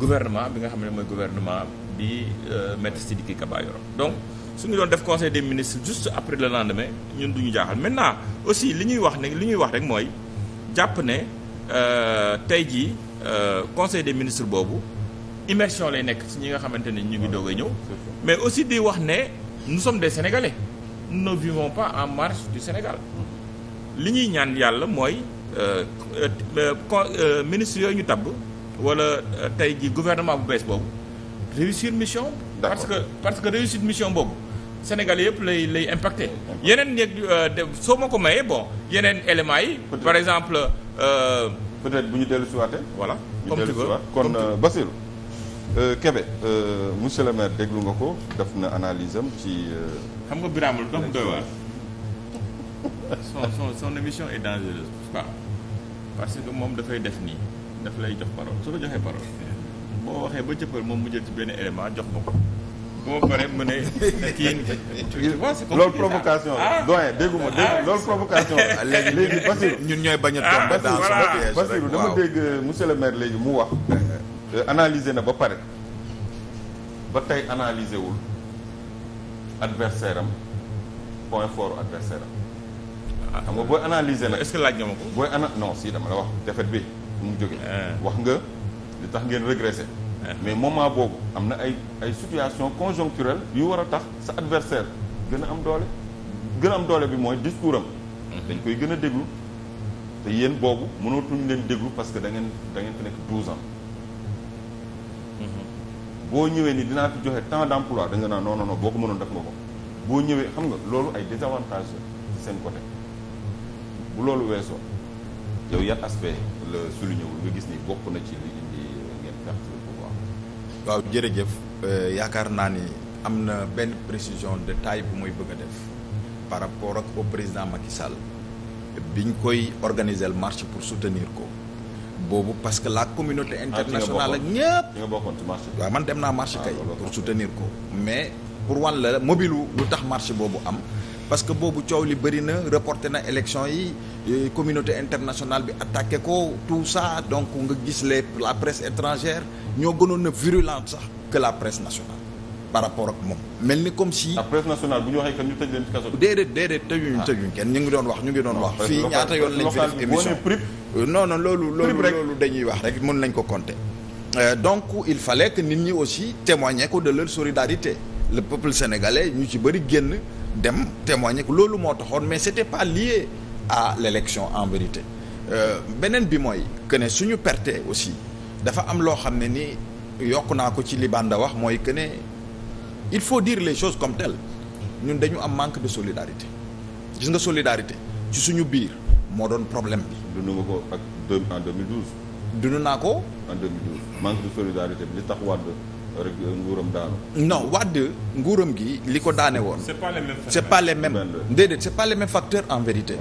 gouvernement bi nga xam ne mooy gouvernement bi euh, maître Sidiki Kaba yoroon donc su ñu doon def conseil des ministres juste après le lendemain ñun du ñu jaaxal maintenant aussi li ñuy wax ne li ñuy wax rek mooy jàpp ne euh, tey jii conseil des ministre boobu immersion lay nekk si ñi nga xamante ne ñu ngi doog a ñëw mais aussi di wax ne nous sommes des sénégalais nous ne on pas en marge du Sénégal li ñuy ñaan yàlla mooy euh, euh, euh, ministre yooyu ñu tabb wala tey ji gouvernement bu bees boobu réussir mission parce que parce que réussir mission boobu Sénégal yëpp lay lay impacté yeneen yeeg soo ma ko maye bon yeneen éléments yi par exemple euh, peut-être bu ñu dellu siwaate voilà comme tu veux kon Bassirou Kébé monsieur le maire déglu nga ko def na analyse am ci xam nga Birame lu dox doy waar son son son émission est dangereuse pourquoi parce que moom dafay def nii daf lay jox parole su la joxee parole boo waxee ba cëppal moom mu jël ci benn élément jox ma ko bu ma paree mu ne kii loolu provocation la doyen dégguma dégg loolu provocation la léegi léegi Bassirou ñun ñooy bañ a ah, tomber dans ce Bassirou dama dégg euh, monsieur le maire léegi mu wax euh, analyser na ba pare ba tey analyser wul adversaire am point fort adversaire xam nga booy analyser nag. est booy ana non si dama la wax défaite bi mu jógee. Ah. wax nga li tax ngeen régressé. Ah. mais moment boobu am na ay ay situation conjoncturelle yu war a tax sa adversaire gën a am doole. gën a am doole bi mooy discours am. Mm-hmm. dañ koy gën a déglu te yéen boobu mënootuñ leen déglu parce que da ngeen da ngeen fi nekk 12 ans. boo ñëwee nii dinaa fi joxe temps d' emploi da nga naan non non non boo ko mënoon def nga ko boo ñëwee xam nga loolu ay désavantage la seen côté bu loolu weesoo yow yan aspect la souligné wul nga gis ni bokk na ci li indi ngeen perte le pouvoir. waaw jërëjëf euh, yaakaar naa ni am na benn précision de taille bu bëgg a def par rapport ak au président Macky Sall biñ koy organiser marché pour soutenir ko. boobu parce que la communauté ah, internationale ak ñëpp waaw man dem naa marché ah, kay pour soutenir ko mais pour wan la mobilu lu tax marché boobu am parce que boobu coow li bëri na reporté na élection yi communauté international bi attaqué ko tout ça donc nga gis les la presse étrangère ñoo gënoon a virulente sax que la presse nationale par rapport ak moom mel ni comme si. déedéet déedéet tëjuñu ah. tëjuñu kenn ñu ngi doon wax ñu ngi doon wax. fii ñaata yoon lañ fi Euh, non loolu. loolu loolu dañuy wax rek mën nañ ko compter. Euh, donc il fa que nit ñi aussi témoigner ko de leur solidarité le peuple sénégalais ñu ci bëri génn dem témoigner ko loolu moo taxoon mais c'était pas lié à l'élection en vérité euh, beneen bi mooy que ne suñu perte aussi dafa am loo xam ne ni yokk naa ko ci li Banda wax mooy que ne il faut dire les choses comme telles ñun dañu am manque de solidarité gis nga solidarité ci suñu biir moo doon problème bi. dund nga ko ak deux en 2012. dund naa ko. en 2012 manque tax Wade euh, nguuram daanu. non Wade nguuram gi li ko daane woon. c'est pas les mêmes facteurs c'est c'est pas les mêmes facteurs en vérité.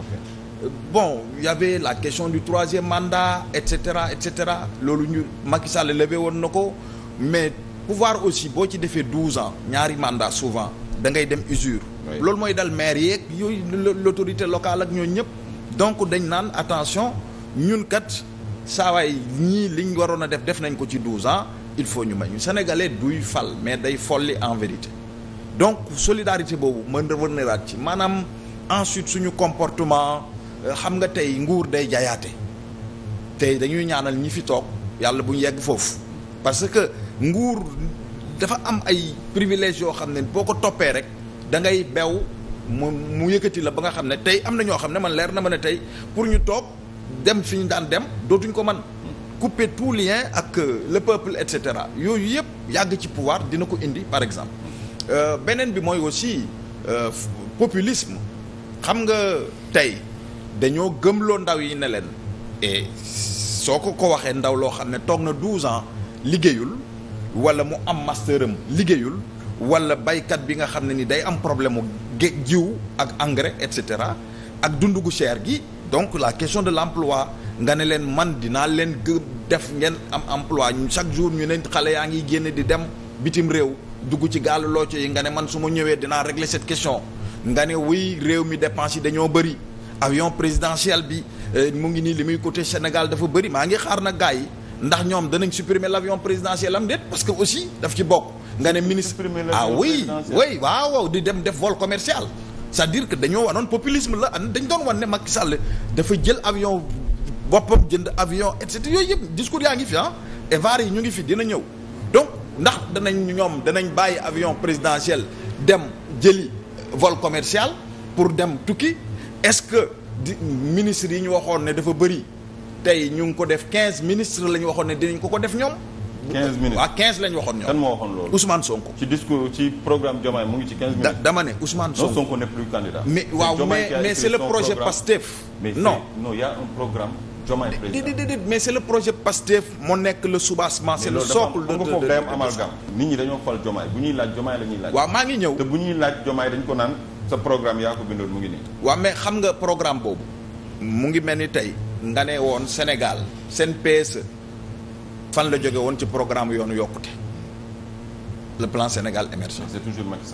Euh, bon y la question du troisième mandat et cetera cetera loolu ñu Macky Sall levé woon na ko mais pouvoir aussi boo ci defee douze ans ñaari mandat souvent dangay ngay dem usure. loolu mooy dal maire yeeg yooyu l'autorité locale ak ñooñu ñëpp. donc dañ naan attention ñun kat saawaay ñii liñ waroon a def def nañ ko ci 12 il faut ñu may ñu sénégalais duy fal mais day folli en vérité donc solidarité boobu mën reveniraat ci maanaam ensuite suñu comportement euh, xam nga tey nguur day jaayaate tey dañuy ñaanal ñi fi toog yàlla bu ñu yegg foofu parce que nguur dafa am ay privilèges yoo xam ne boo ko toppee rek da ngay bew mu mu yëkkati la ba nga xam ne tey am na ñoo xam ne man leer na ma ne tey pour ñu toog dem fi ñu daan dem dootuñ ko man couper tout lien ak euh, le peuple et cetera yooyu yëpp yàgg ci pouvoir dina ko indi par exemple euh, beneen bi mooy aussi euh, populisme xam nga tey dañoo gëm loo ndaw yi ne leen et soo ko ko waxee ndaw loo xam ne toog na douze ans liggéeyul wala mu am masteram liggéeyul wala baykat bi nga xam ne ni day am problème mu jiw ak engrais et cetera ak dund gu cher gi donc la question de l'emploi nga ne leen man dinaa leen gë def ngeen am emploi chaque jour ñu ne xale yaa ngi génn di dem bitim réew dugg ci gaalu looco yi nga ne man su ma ñëwee dinaa régler cette question nga ne wuy réew mi dépense yi dañoo bëri avion présidentiel bi euh, mu ngi nii li muy côté Sénégal dafa bari maa ngi xaar na gars yi ndax ñoom danañ supprimer l' avion présidentiel am déet parce que aussi daf ci nga ne ministre ah oui oui waaw waaw di dem def vol commercial c'est-à-dire que dañoo wanoon populisme la dañ doon wan ne Macky Sall dafa jël avion boppam jënd avion et yooyu yëpp discours yaa ngi fi ah et yi ñu ngi fi dina ñëw donc ndax danañ ñoom danañ bàyyi avion présidentiel dem jëli vol commercial pour dem tukki est-ce que di ministre yi ñu waxoon ne dafa bëri tey ñu ngi ko def quinze ministres la ñu waxoon ne dinañ ko ko def ñoom 15 minutes waaw waxoon ñoom. kan moo waxoon loolu Ousmane Sonko. ci discours ci programme Diomaye mu ngi ci 15 minutes. da dama ne Ousmane Sonko non Sonko n'est plus candidat. mais waaw mais mais c'est le projet PASTEF. non non y a un programme. Diomaye président déedéet mais c'est le projet PASTEF moo nekk le soubassement c'est le socle de de de amalgame nit ñi dañoo fal Diomaye bu ñuy laaj Diomaye la ñuy laaj. waaw maa ngi ñëw te bu ñuy laaj Diomaye dañ ko naan sa programme yaa ko bindoon mu ngi nii. waaw mais xam nga programme boobu. mu ngi mel ni tey nga ne woon Sénégal seen PSE fan la jóge woon ci programme yoonu yokkute le plan Sénégal émergent. c'est toujours Macky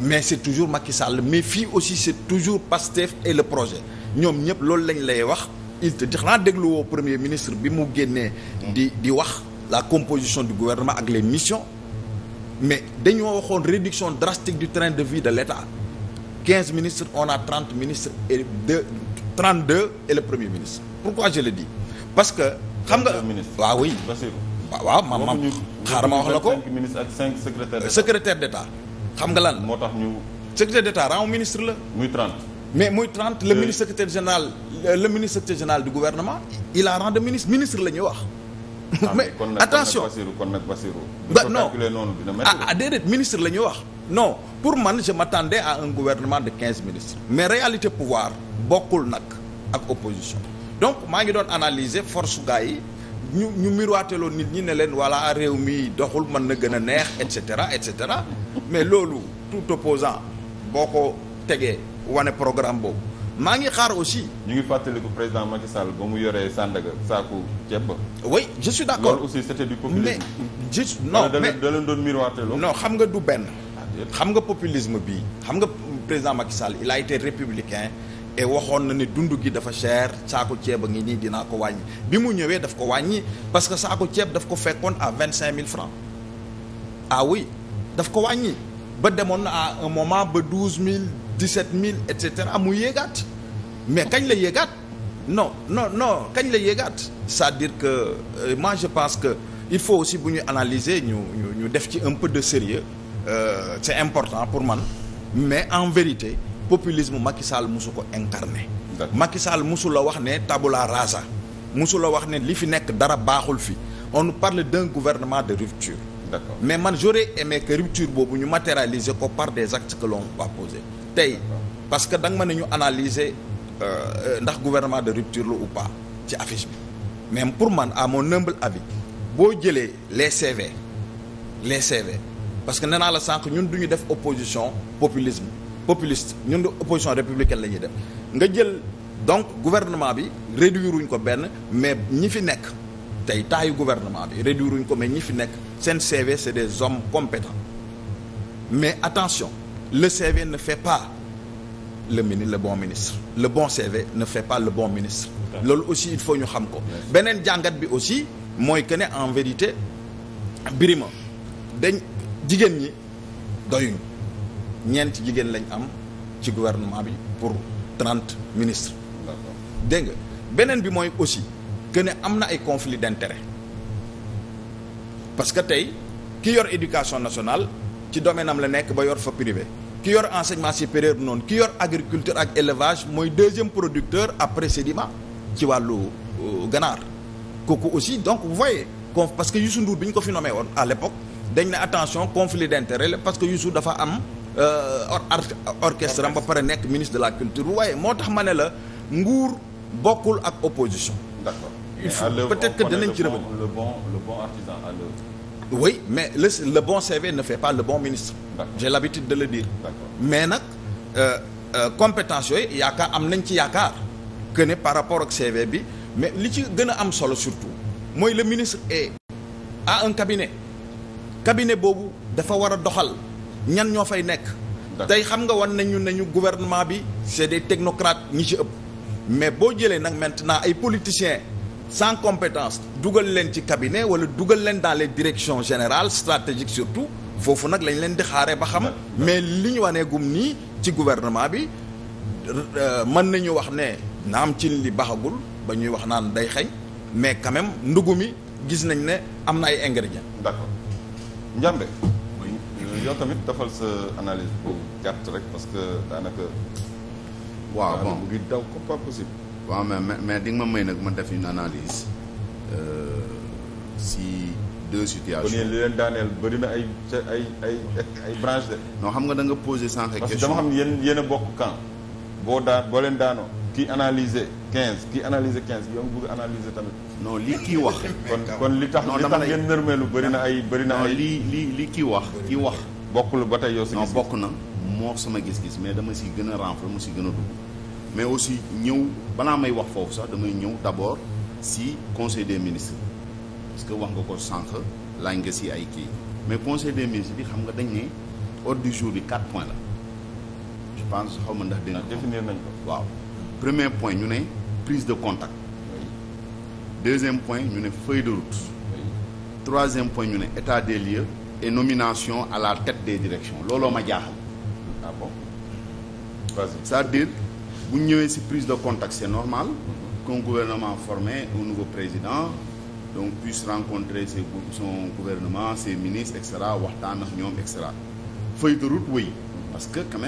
mais c'est toujours Macky Sall mais fii aussi c'est toujours Pastef et le projet ñoom ñëpp loolu lañ lay wax il te xanaa déglu woo premier ministre bi mu génnee. di di wax la composition du gouvernement ak les missions. mais dañoo waxoon réduction drastique du train de vie de l'État quinze ministres on a trente ministres et deux trente deux et le premier ministre pourquoi je le dis parce que. xam nga waaw oui. waaw waaw maam maam xaaral ma wax la ko ministre ak cinq secrétaire secrétaire d'État xam nga lan moo tax ñu. secrétaire d'État rang ministre la. muy 30. mais muy 30 le ministre secrétaire général euh, le ministre secrétaire général du gouvernement il a rang de ministre ministre la ñuy wax. Ah, mais attention kon nag Bassirou ba non ah, ah la ñuy wax. non pour man je m'attendais à un gouvernement de 15 ministres. mais réalité pouvoir bokkul nag ak opposition. donc maa ngi doon analyser force gars yi ñu ñu miroiteloo nit ñi ne leen voilà réew mi doxul mën na gën a neex et cetera et cetera mais loolu tout opposant boo ko tegee wane programme boobu maa ngi xaar aussi. ñu ngi fàttaliku président Macky Sall ba mu yoree Sandaga saaku ceeb ba. oui je suis d' accord loolu aussi c' était du populisme. mais juste non mais da leen doon miroiteloo. non xam nga du benn. Ah, xam nga populisme bii xam nga président Macky Sall il a été républicain. waxoon na ne dund gi dafa cher saako ceeb a ngi nii dinaa ko wàññi bi mu ñëwee daf ko wàññi parce que saako ceeb daf ko fekkoon a vingt cinq mille francs ah oui daf ko wàññi ba demoon na à un moment ba douze mille dix sept mille et cetera mu yéegaat mais kañ la yéegaat no non non kañ la yéegaat c'est-à-dire que euh, je pense que il faut aussi bu ñuy analyser ñu ñu def ci un peu de sérieux euh, c'est important pour man mais en vérité populisme Macky Sall mosu ko incarné. Macky Sall mosu la wax ne tabula rasa mosu la wax ne li fi nekk dara baaxul fi on nous parle d'un gouvernement de rupture. mais man j'aurais aimé que rupture boobu ñu matérialiser ko par des actes que l'on tey parce que danga nga mën a ñu analyser euh, euh, ndax gouvernement de rupture lu ou pas ci affiche bi mais pour man amoon mon humble avis boo jëlee les CV les CV parce que nee naa la sànq ñun du ñu def opposition populisme. populiste ñun opposition républicaine la ñuy def nga jël donc gouvernement bi réduire wuñ ko benn mais ñi fi nekk tey taayu gouvernement bi réduire wuñ ko mais ñi fi nekk seen CV c'est des hommes compétents mais attention le CV ne fait pas le bon ministre le bon CV ne fait pas le bon ministre loolu aussi il faut ñu xam ko beneen jàngat bi aussi mooy que ne en vérité Birima dañ jigéen ñi doyuñ ñeenti jigéen lañ am ci gouvernement bi pour trente ministre dégg nga beneen bi mooy aussi que am na ay conflit d'intérêt parce que tey ki yor éducation national ci domaine am la nekk ba yor fa privé. ki yor enseignement supérieur noonu ki yor agriculture ak élevage mooy deuxième producteur après Sedima ci wàllu euh, ganaar kooku aussi donc vous voyez parce que Youssou Ndour bi ñu ko fi nommé woon à l'époque dañ ne attention conflit d'intérêt la parce que Youssou dafa am Euh, orchestre am ba pare nekk ministre de la culture waaye moo tax ma ne la nguur bokkul ak opposition. d'accord il faut peut ci revenir le bon le bon artisan à l'œuvre. mais le le bon CV ne fait pas le bon ministre. j'ai l'habitude de le dire. mais nag euh, euh, compétence yooyu yaakaar am nañ ci yaakaar que par rapport ak CV bi mais li ci gën a am solo surtout mooy le ministre est a un cabinet cabinet boobu dafa war a doxal. ñan ñoo fay nekk tey xam nga wan nañu nañu gouvernement bi c'est des technocrates ñi ci ëpp mais boo jëlee nag maintenant ay politiciens sans compétence dugal leen ci cabinet wala dugal leen dans les directions générales stratégiques surtout foofu nag lañu leen di xaaree ba xam mais li ñu wanee gum nii ci gouvernement bi euh, mën nañu wax ne naam ci li baxagul ba ñuy wax naan day xeeñ mais quand même ndugu mi gis nañ ne am na ay ingrédients d'accord yow tamit defal sa analyse bu gàtt rek parce que daanaka. waaw bon bu daw ko pas possible. waaw mais mais di nga ma may nag ma def une analyse euh, si deux situations. kon li leen daaneel bëri na ay ay ay ay branche de. non xam nga danga nga posé sànq. question parce que dama xam ne yéen a bokk camp boo daan boo leen daanoo kii analyser quinze kii analyser quinze yow nga bëgg analyser tamit. non li kii wax. kon kon li tax li tax ngeen nërmeelu bëri na ay bëri na ay. li li kiy wax kii wax. bokkul ba tey yow si non bokk na moo sama gis-gis mais dama si gën a renfler mu si gëna a mais aussi ñëw balaa may wax foofu sax damay ñëw d'abord si conseil des ministres parce que wax nga ko sànq laaj nga si ay kii mais conseil des ministres bi xam nga dañ ne ordre du jour bi quatre points la je pense xaw ma ndax. dina ah, définir nañ ko waaw premier point ñu ne prise de contact. deuxième point ñu ne feuille troisième point ñu ne état des lieux et nomination à la tête des directions looloo ma jaaxal ah bon c'est-à-dire bu ñëwee si prise de contact c'est normal qu'un gouvernement formé un nouveau président donc puisse rencontrer ses son gouvernement ses ministre et cetera waxtaan ak ñoom et cetera feuille parce que quand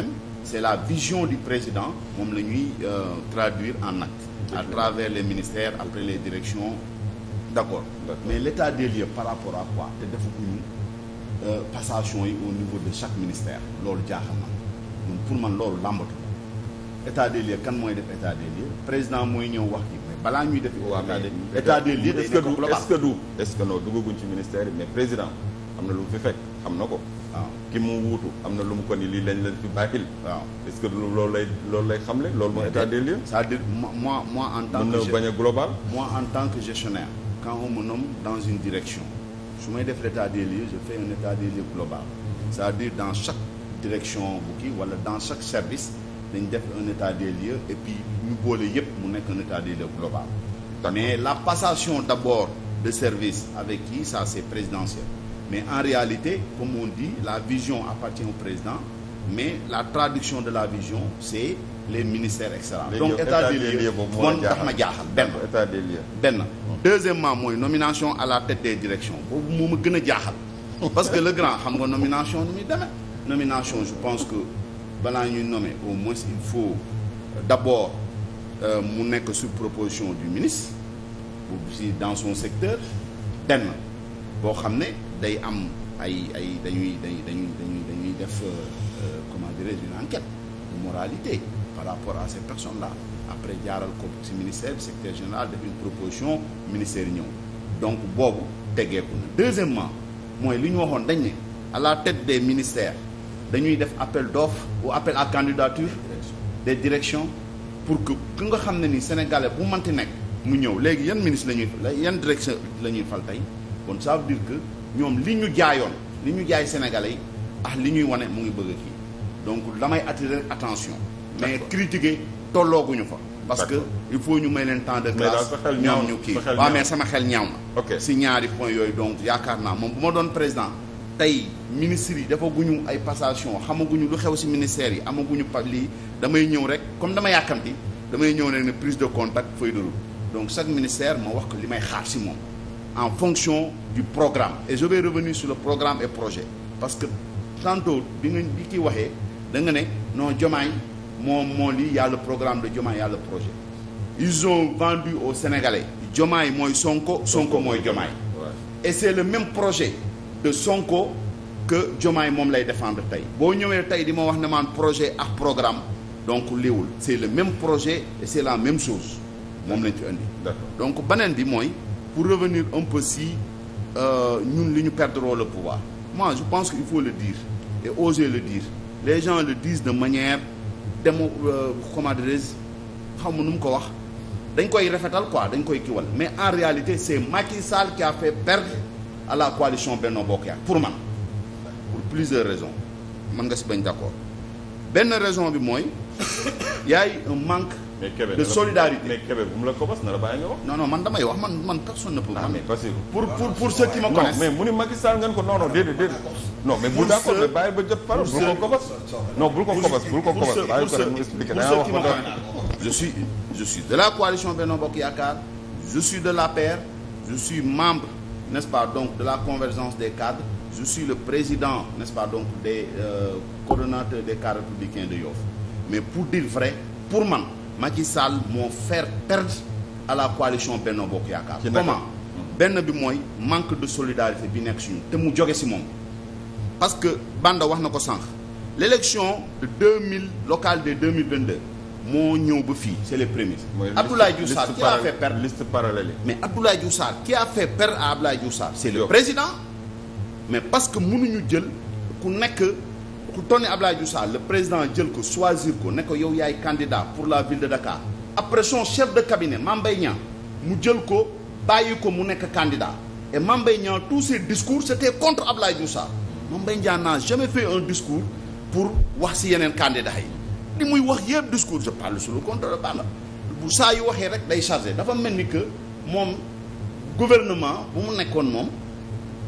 c'est la vision du président moom la ñuy euh, traduire en acte a travers les ministères après les directions d'accord mais l'état des par rapport à quoi te defaguñu euh, passation yi au niveau de chaque ministère loolu jaaxal pour man loolu làmbatu état des lieux kan mooy def état président mooy ñëw wax ki mais ñuy def état des lieux est-ce que du est que du est-ce que non ci ministère yi mais président am na lu mu fi fekk xam na ko waaw ki mu wuutu am na lu mu ko ni lii lañ leen fi bàyyil waaw est-ce que loolu lay loolu lay xamle loolu mooy état des lieux cest dire moi moi en tant que mën en tant que gestionnaire quand on me nomme dans une direction su may def l'état des lieux je fais un état des lieux global chaque direction bu kii wala dans chaque service dañ def un état des lieux et puis ñu boole yëpp mu nekk un état des lieux global mais la passation d'abord de service avec qui ça c'est présidentiel Mais en réalité, comme on dit, la vision appartient au président, mais la traduction de la vision, c'est les ministères excellents. donc état des lieux moom tax ma jaaxal benn. benn. deuxièmement mooy nomination à la tête des directions boobu moo ma gën a jaaxal. parce que le grand xam nga nomination nu muy demee. nomination je pense que balaa ñuy nommer au moins il faut euh, d'abord euh, mu nekk sur proposition du ministre ou si dans son secteur benn boo xam ne. day am ay ay dañuy dañuy dañuy dañuy def euh, euh, comment dirais-je une enquête de moralité par rapport à ces personnes la après jaaral ko ci ministère secrétaire général def une proposition ministère ñëw donc boobu tegeeku na deuxièmement mooy li ñu waxoon dañ ne à la tête des ministères dañuy def appel d'offres ou appel à candidature des directions pour que ku nga xam ne ni sénégalais bu manti nekk mu ñëw léegi yan ministre la ñuy yan direction la ñuy fal tey que ñoom li ñu jaayoon li ñu jaay sénégal yi ah li ñuy wane mu ngi bëgg kii donc damay attirer attention mais critiquer tollooguñu fa parce que il faut ñu may leen temps de grâce ñaaw ñu kii waaw mais sama xel ñaaw na si ñaari point yooyu donc yaakaar naa moom bu ma doon président tey ministres yi dafa guñu ay passation xamaguñu lu xew si ministère yi amaguñu pa lii damay ñëw rek comme dama yàkkamti damay ñëw rek ne prise de contact feuille de route donc chaque ministère ma wax ko li may xaar si moom en fonction du programme et je vais revenir sur le programme et projet parce que tantôt bi nga bi ki waxee da nga ne non Diomaye moom moo lii yàlla programme de Diomaye y a le projet ils ont vendu aux Sénégalais Diomaye mooy Sonko Sonko mooy Diomaye et c'est le même projet de Sonko que Diomaye moom lay défendre tey boo ñëwee tey di ma wax ne projet ak programme donc liiwul c'est le même projet et c'est la même chose moom lañ ci indi donc beneen bi mooy pour revenir un peu si euh, ñun li ñu perdrons le pouvoir moi je pense qu'il faut le dire et oser le dire les gens le disent de manière démo euh, comment dirais-je xaw ma nu mu ko wax dañ koy rafetal quoi dañ koy kiwal mais en réalité c'est Macky Sall qui a fait perdre à la coalition Benno Bokk Yaakaar pour man pour plusieurs raisons man nga si bañ d'accord benn raison bi mooy yaay un manque mais Kébé de solidarité mais Kébé bu mu la ko bas na la bàyyi nga wax. non non man damay wax man man personne ne peut. ah mais parce que pour pour pour ceux qui me connaissent. non mais mu ni Macky Sall ngeen ko non non déedéet déedéet. non mais bu d'accord mais bàyyi ba jot parole. bul ko ko bas non bul ko ko bas bul ko ko bas bàyyi ko rek mu expliqué da nga wax ba dara. je suis je suis de la coalition Benno Bokk Yaakaar je suis de l'APR je suis membre n'est-ce pas donc de la convergence des cadres je suis le président n'est-ce pas donc des euh, coordonnateurs des cadres républicains de Yoff mais pour dire vrai pour man. Macky Sall moo faire per à la coalition Benno Bokk Yaakaar. comment benn bi mooy manque de solidarité bi nekk suñu te mu joge si moom. parce que Banda wax na ko sànq l'élection de 2000 locale de 2022 moo ñëw ba fii c'est les prémices. mooy Abdoulaye Diouf Sarr qui a mais a fait perdre à Abdoulaye Diouf Sarr. c'est le président mais parce que ñu jël ku nekk. ku toll ni Abdoulaye Diouf Sarr le président jël ko choisir ko ne ko yow yaay candidat pour la ville de Dakar après son chef de cabinet Mame Mbaye mu jël ko bàyyi ko mu nekk candidat et Mame Mbaye Niang tous ses discours c'était contre Abdoulaye Diouf Sarr Mame Mbaye Niang n'a jamais fait un discours pour wax ci yeneen candidats yi li muy wax yëpp discours je parle sur le compte de Balla bu saa yu waxee rek day chargé dafa mel ni que moom gouvernement bu mu nekkoon moom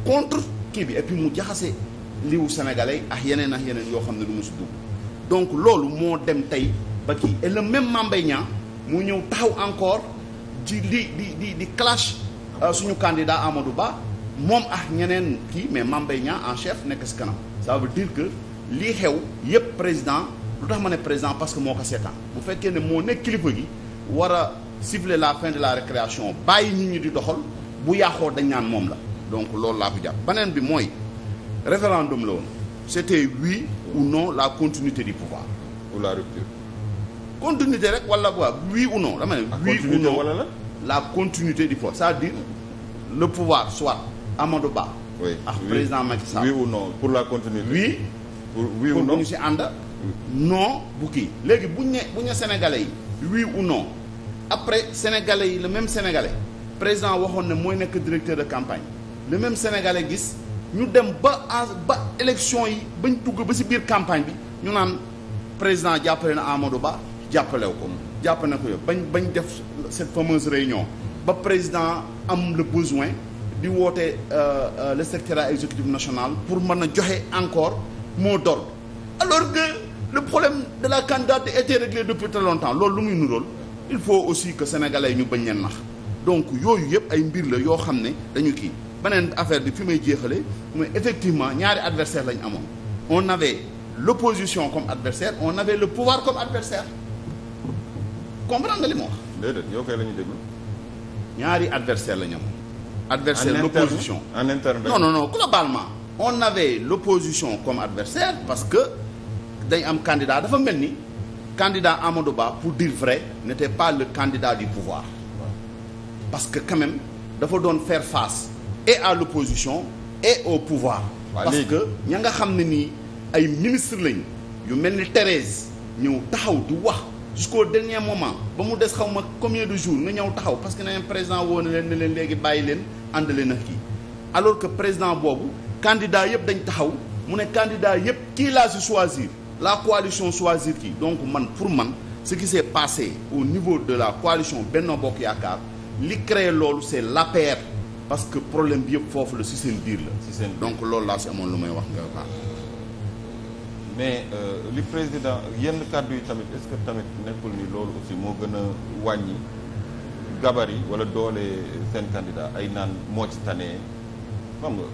contre kii bi et puis mu jaxase liwu sénégalais ak yeneen ak yeneen yoo xam ne du mu si dugg donc loolu moo dem tey ba kii et le même mu ñëw taxaw encore ci di di di di clash euh, suñu candidat Amadou Ba moom ak ñeneen kii mais Mame Mbaye en chef nekk si kanam ça veut dire que lii xew yépp président lu tax ma ne président parce que moo ko seetaan bu fekkee ne moo nekk kilifa gi war a la fin de la récréation bàyyi nit ñi di doxal bu yàqoo dañ naan moom la donc loolu laa ko jàpp bi mooy référendum la woon c'était oui ou non la continuité du pouvoir. ou la rupture. continuité rek wala quoi oui ou non dama ne. Ah, oui ou non la. la continuité du pouvoir le pouvoir soit Amadou Ba. oui ak président Macky Sall. ou non pour la continuité. oui. pour oui ou non pour ñu si ànd. non bu kii léegi buñ ne buñ ne sénégalais yi. oui ou non après sénégalais yi le même sénégalais président waxoon ne mooy nekk directeur de campagne le même sénégalais gis. ñu dem ba ba élection yi bañ dugg ba ci biir campagne bi ñu naan président jàppale na Amadou Ba jàppalew ko jàppale na ko yow bañ bañ def cette fameuse réunion ba président am le besoin di woote euh, euh, le secrétaire exécutif national pour mën a joxe encore mot d'ordre alors que le de la candidate était réglé depuis très longtemps loolu lu muy nurool il faut aussi que sénégalais ñu bañ leen nax donc yooyu yëpp ay mbir la yoo xam ne dañu kii beneen affaire bi fi may jéexale mooy effectivement ñaari adversaire lañ amoon on avait l'opposition comme adversaire on avait le pouvoir comme adversaire comprendre nga li ma wax. déedéet yow kay la ñu déglu. ñaari adversaire la ñu amoon. adversaire l'opposition en interne non non non globalement. on avait l'opposition comme adversaire parce que dañ am candidat dafa mel ni candidat Amadou Ba pour dire vrai te pas le candidat du pouvoir parce que quand dafa doon faire face. et à l'opposition et au pouvoir parce que ña nga xam ne nii ay ministre lañ yu mel ni Thérèse ñëw taxaw di wax jusqu'au dernier moment ba mu des xaw ma combien de jour nga ñëw taxaw parce que na président woo na leen ne leen léegi bàyyi leen ànd leen ak alors que président boobu candidat yëpp dañ taxaw mu ne candidat yëpp kii laa si choisir la coalition choisir kii donc man pour man ce qui s'est au niveau de la coalition Benno Bokk Yaakaar li créé loolu c'est l'APR parce que problème bi yëpp foofu la si seen biir la. si seen donc loolu laa si amoon lu may wax nga baax. mais euh, li président yenn kàddu yi tamit est-ce que tamit nekkul ni loolu aussi moo gën a wàññi gabari wala doole seen candidat ay naan moo ci tane xam nga.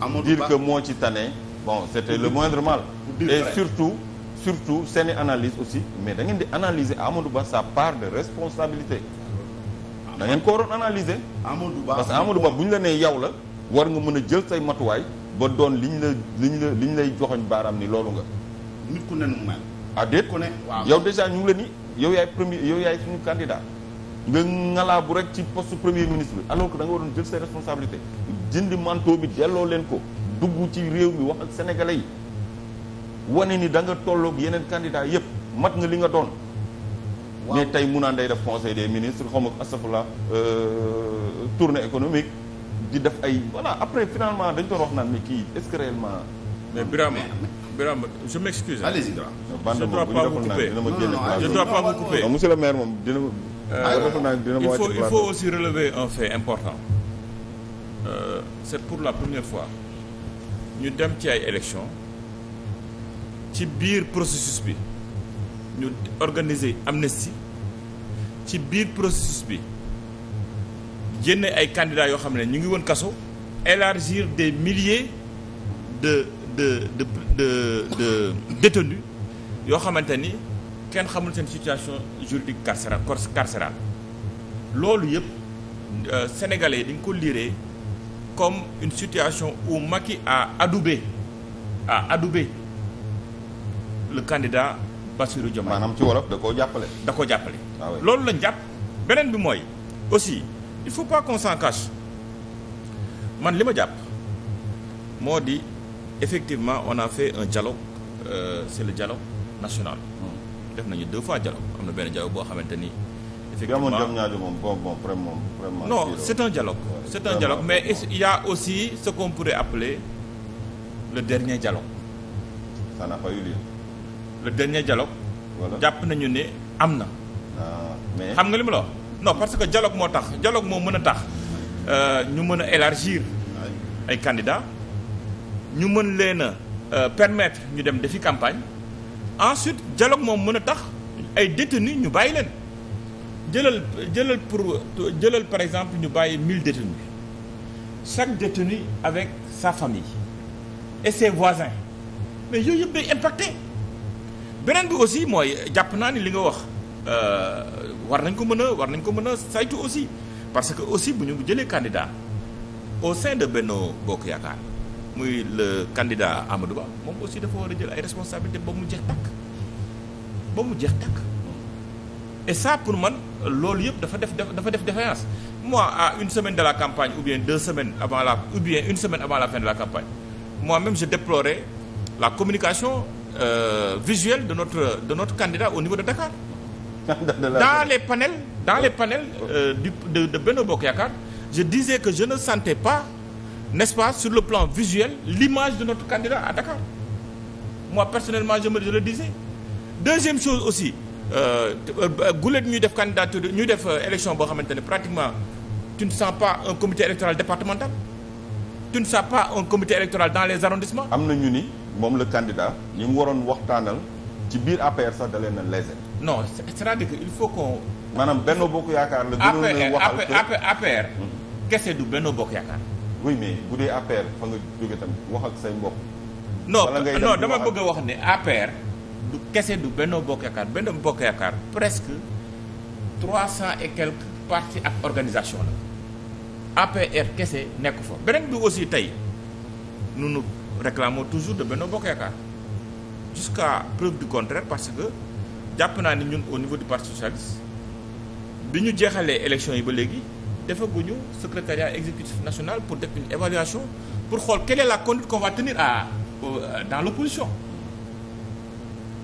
Amadou Ba dire moo ci tane bon c'était le moindre mal. et surtout surtout seeni analyse aussi mais dangeen ngeen di analyser Amadou Ba sa part de responsabilité. da ngeen ko waroon analyser. Amadou parce que Amadou bu ñu la nee yow la war nga mën a jël say matuwaay ba doon ñu la liñ la liñ lay joxoñ baaraam ni loolu nga. nit ku ne nu mel. ah déet yow déjà ñu ngi la ni yow yaay premier yow yaay suñu candidat nga ngalaabu rek ci post premier ministre bi alors que da nga waroon jël say responsabilité jëndi manteau bi delloo leen ko dugg ci réew mi wax ak sénégalais yi wane ni da nga tolloog yeneen candidat yëpp mat nga li nga doon. mais tey mu naan day def conseil des ministres xaw ma astafurlah euh, tournée économique di def ay voilà après finalement dañ doon wax naan mais kii est-ce que réellement. mais Birame Birame je m'excuse. allez-y je dois pas vous couper je dois pas vous couper. monsieur le maire moom dina ma. Euh, dina ma wàcc il faut aussi relever un fait important. Euh, c'est pour la première fois ñu dem ci ay élections ci biir processus bi. ñu organiser amnistie ci biir processus bi génne ay candidats yoo xam ne ñu ngi woon kaso élargir des milliers de de de de de détenus yoo xamante ni kenn xamul seen situation juridique carcérale carcérale loolu yëpp euh, sénégalais yi dañ ko liiree comme une situation où Macky a adoubé a adoubé le candidat Bassirou Diomaye maanaam ci wolof da koo jàppale. da koo jàppale. Ah loolu lañ jàpp beneen bi mooy aussi il faut pas qu'on s'en man li ma jàpp moo di effectivement on a fait un dialogue euh, c'est le dialogue national. Hmm. def nañu deux fois dialogue am na benn dialogue boo xamante ni. effectivement moom bon bon vraiment vraiment. non c'est un dialogue. c'est un dialogue mais il y a aussi ce qu'on pourrait appeler le dernier dialogue. ça le dernier dialogue jàpp nañu ne am na ah, xam nga li ma la no parce que dialogue moo tax dialogue moo mën a tax euh, ñu mën a élargir ay candidats ñu mën leen a euh, permettre ñu dem defi campagne ensuite dialogue moom mën a tax ay détenus ñu bàyyi leen jëlal jëlal pour jëlal par exemple ñu bàyyi mille détenus chaque détenu avec sa famille et ses mais yooyu yëpp day impacté beneen bi aussi mooy jàpp naa ni li nga wax euh, war nañ ko mën a war nañ ko mën a saytu aussi parce que aussi bu ñu jëlee candidat au sein de Benno Bokk Yaakaar muy le candidat Amadou Ba moom aussi dafa war a jël ay responsabilité ba mu jeex takk ba mu jeex takk et ça pour man loolu yëpp dafa def dafa def défaillance moi à une semaine de la campagne ou bien deux semaine avant la ou bien une semaine avant la fin de la campagne moi-même je déplorais la communication euh, visuel de notre de notre candidat au niveau de Dakar. dans les panels dans les panels euh, du de de Benno Bokk je disais que je ne sentais pas n'est-ce pas sur le plan visuel l'image de notre candidat à Dakar moi personnellement je me je le disais deuxième chose aussi euh, euh, gulet ñuy def candidature ñuy def euh, élection boo xamante ne pratiquement tu ne pas un comité électoral départemental tu ne sens pas un comité électoral dans les arrondissements am na ñu moom la candidat ñu mu waroon waxtaanal ci biir APR sax da na a léser. non c'est-à-dire que il faut qu'on maanaam Benno Bokk Yaakaar la. gënoon waxal APR hmm. kese du Benno Bokk Yaakaar. oui mais bu dee APR wax ak say mbokk. non non dama bëgg a wax ne APR kese du Benno Bokk Yaakaar Benno Bokk Yaakaar presque trois cent et quelques partie ak organisation la APR kese nekk fa beneen bi aussi tey nunu réclamons toujours de Benno Bokk Yaakaar jusqu'à preuve du contraire parce que jàpp naa ni ñun au niveau du parti socialiste bi ñu jeexalee élection yi ba léegi defaguñu secrétariat exécutif national pour def une évaluation pour xool quelle est la conduite qu'on va tenir à dans l'opposition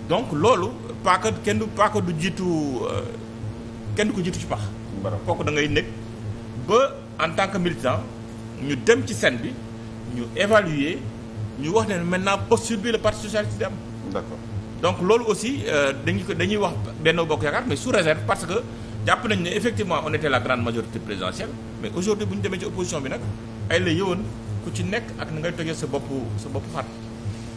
donc loolu pas que kenn du jiitu euh, kenn du ko jiitu ci pax kooku da ngay nekk ba en tant que militant ñu dem ci scène bi ñu évaluer ñu wax ne maintenant posture bi le parti socialiste di am. donc loolu aussi euh, dañu ko dañuy wax Benno Bokk Yaakaar mais sous réserve parce que jàpp nañ ne effectivement on était la grande majorité présidentielle mais aujourd'hui bu ñu demee ci opposition bi nag ay la yëwoon ku ci nekk ak na ngay tojee sa bopp sa bopp xat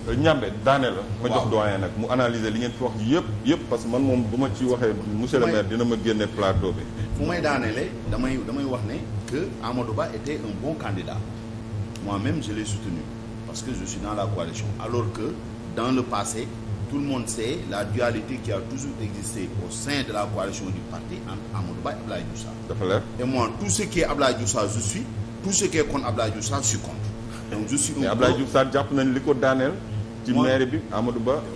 euh, ñambe daane la ma jox doyen nag mu analyser li ngeen fi wax yëpp yëpp parce que man moom bu ma ci waxee monsieur le maire dina ma génne plateau bi damay damay wax ne que Amadou Ba était un bon candidat moi-même je l'ai parce que je suis dans la coalition alors que dans le passé tout le monde sait la dualité qui a toujours existé au sein de la coalition du parti entre Amadou Ba et Abdoulaye Diouf Sarr. tout ce qui est Abdoulaye Diouf Sarr je suis tout ce qui est contre donc je suis un. mais Abdoulaye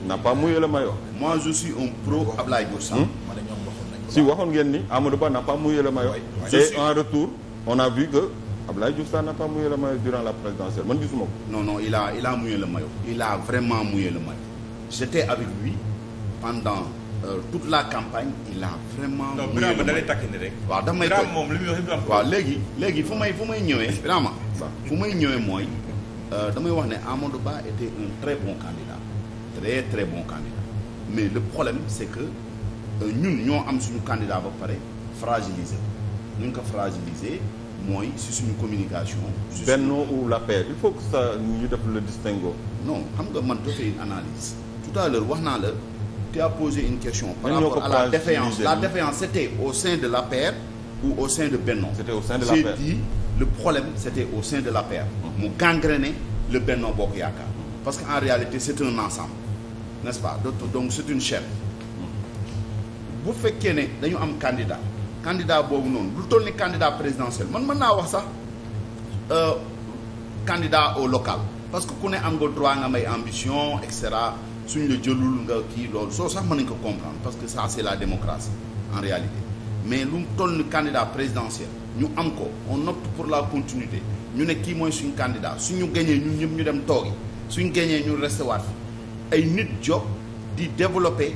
n'a pas mouillé le maillot. moi je suis un pro Abdoulaye hmm? si waxoon ngeen ni Amadou Ba n'a pas mouillé le maillot. et en retour on a vu que. Abdoulaye Diouf Sarr n'a pas mouillé le maillot durant la présidentielle man gisuma ko. non non il a il a mouillé le vraiment mouillé le maillot. j'étais avec lui pendant euh, tout la campagne il a vraiment. mouillé le maillot da lay rek. waaw da may Birame waaw léegi léegi fu may fu may ñëwee. Birame fu may ñëwee mooy. Euh, damay wax ne Amadou Ba était un très bon candidat. très très bon candidat. mais le problème c'est que euh, ñun ñoo am suñu candidat ba pare fragilisé ko ñu ko fragilisé. mooy si suñu communication. Benno ou l'APR il faut que ça ñu def le distinguo. non xam nga man dafay une analyse. tout à l'heure wax naa la tu as posé une question. par rapport à la défaillance la défaillance c'était au sein de l'APR ou au sein de Benno. c'était au sein de l'APR j'ai dit le problème mu gangréné le Benno Bokk Yaakaar. parce qu'en réalité c'est un ensemble n'est-ce pas donc c'est une chaîne. Mm-hmm. bu fekkee ne daño am candidat. candidat boobu noonu lu toll ni candidat présidentiel man man naa wax sax euh, candidat au local parce que ku ne am nga droit nga may ambition et cetera suñ la jëlul nga kii loolu soo sax mën nañ ko comprendre parce que ça c'est la démocratie en réalité mais lu toll ni candidat présidentiel ñu am ko on opte pour la continuité ñu ne kii mooy suñ candidat suñu gañee ñu ñëpp ñu dem toogi suñ gañee ñu resté waat ay nit jóg di développé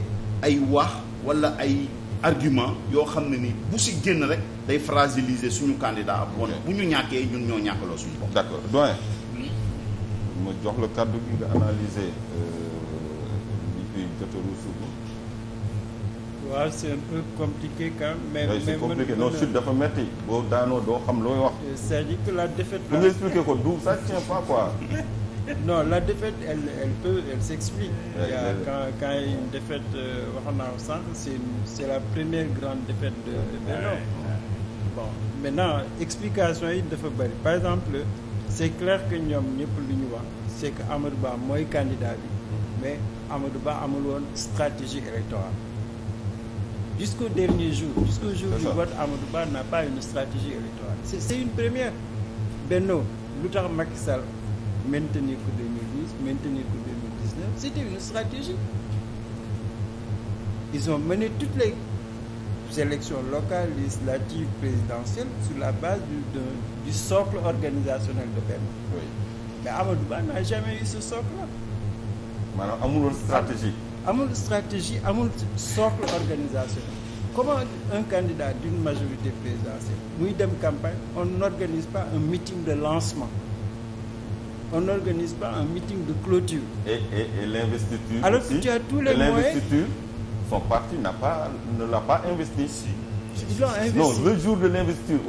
ay wax walla ay argument yoo xam ne ni bu si génn rek day fragiliser suñu candidat bon bu ñu ñàkkee ñun ñoo ñàkkaloo suñu bopp. d'accord doyen ma jox la kàddu gi nga analyser euh, li koy jot a ruusut. waaw c'est un dafa metti boo daanoo doo xam looy wax. Euh, cest la défaite. pour nga expliquer ko du ça tient pas quoi. non la défaite elle elle peut elle s'explique. quand quand il a une défaite euh, waxoon naa ko sànq c'est la première grande défaite de de Benno. bon maintenant explication yi dafa bari par exemple c'est clair que ñoom ñëpp lu ñu wax c'est que Amadou mooy candidat bi mais Amadou Ba amul woon stratégie électorale. jusqu'au dernier jour jusqu'au jour du vote Amadou n'a pas une stratégie électorale c'est une première Benno lu tax Macky maintenir que 2010, maintenir que 2019, c'était une stratégie. Ils ont mené toutes les élections locales, législatives, présidentielles sur la base du, socle organisationnel de Benno. Oui. Mais Amadou Ba n'a jamais eu ce socle-là. maanaam amul stratégie. amul stratégie amul socle organisationnel. comment un candidat d'une majorité présidentielle muy campagne on n'organise pas un meeting de lancement. on n'organise pas un meeting de clôture. Et, et, et l'investiture Alors aussi, que tu as tous les son parti n'a pas, ne l'a pas investi. Ils l'ont investi. Non, le jour de l'investiture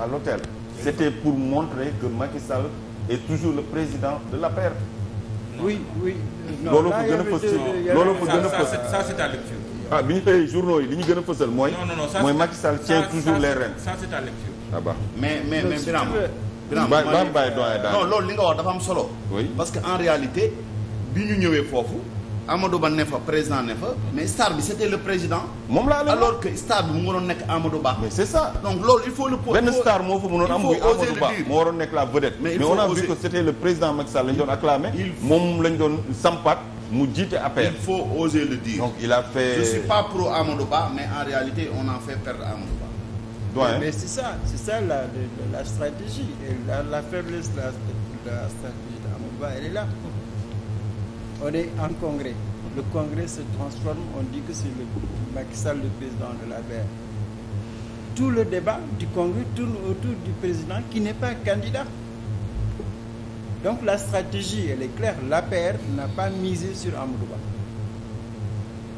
à l'hôtel, c'était pour montrer que Macky Sall est toujours le président de la paire. Oui, oui. loolu ko gën a fës loolu ko gën a fës ça c'est à lecture. ah bi ñu xëyee journaux yi li ñu gën a fësal mooy. non non non ça mooy Macky Sall tient toujours les rênes. ça c'est à ah mais mais mais a non loolu li nga wax dafa am solo parce que en réalité bi ñu ñëwee foofu Amadou Ba ne fa président ne mais star bi c'était le président moom laa la alors que star bi mu waroon nekk Amadou Ba mais c'est ça donc loolu il faut le benn star moo fa mënoon am muy Amadou Ba moo waroon nekk la vedette mais on a vu que c'était le président Macky Sall lañ doon moom lañ doon sampat mu jiite affaire il faut le dire donc il a fait je mais en on en fait perdre Amadou Doyen. Mais, mais c'est ça, c'est ça la, la, la stratégie. Et la, la, faiblesse de la, stratégie d'Amouba, elle est là. On est en congrès. Le congrès se transforme, on dit que c'est le Macky Sall, le président de la BR. Tout le débat du congrès tourne autour du président qui n'est pas candidat. Donc la stratégie, elle est claire. L'APR n'a pas misé sur Amadouba.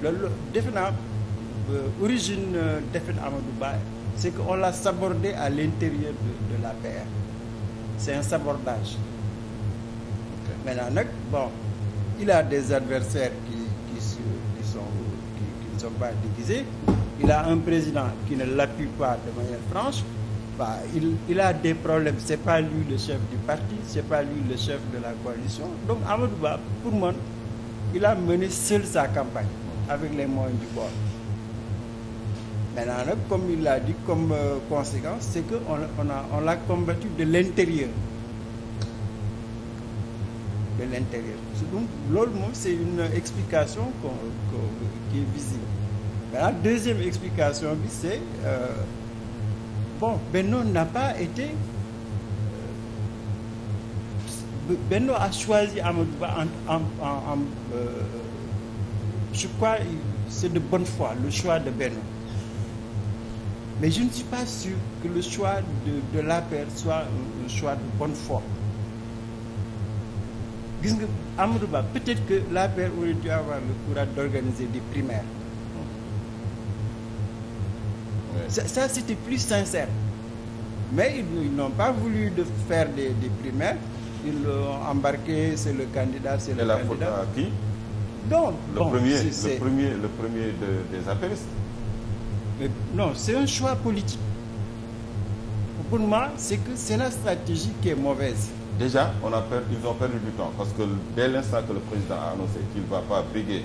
Le, le, euh, origine euh, Amadouba c'est qu'on l'a sabordé à l'intérieur de, de la paire c'est un sabordage okay. maintenant nag bon il a des adversaires qui qui se qui sont ne sont pas déguisés il a un président qui ne l'appuie pas de manière franche bah, il il a des problèmes c'est pas lui le chef du parti c'est pas lui le chef de la coalition donc Amadou Ba pour moi il a mené seul sa campagne avec les moyens du bord maintenant comme il l'a dit comme euh, conséquence c'est que on on a on l'a combattu de l'intérieur de l'intérieur donc loolu moom c'est une explication qu'on qu'on qui est visible maintenant deuxième explication bi c'est euh, bon Benno n'a pas été euh, Benno a choisi Ba en en en en euh, je crois c'est de bonne foi le choix de Benno Mais je ne suis pas sûr que le choix de, de l'APR soit un, choix de bonne foi. Gis nga Amadou peut-être que l'APR aurait dû avoir le courage d'organiser des primaires. Ouais. Ça, ça c'était plus sincère. Mais ils, n'ont pas voulu de faire des, primaires. Ils l'ont embarqué, c'est le candidat, c'est le candidat. Et le bon, premier, le premier, le premier de, des apéristes. Euh, non c'est un choix politique pour moi c'est que c'est la stratégie qui est mauvaise déjà on a perdu du temps parce que dès l'instant que le président a annoncé qu'il va pas briguer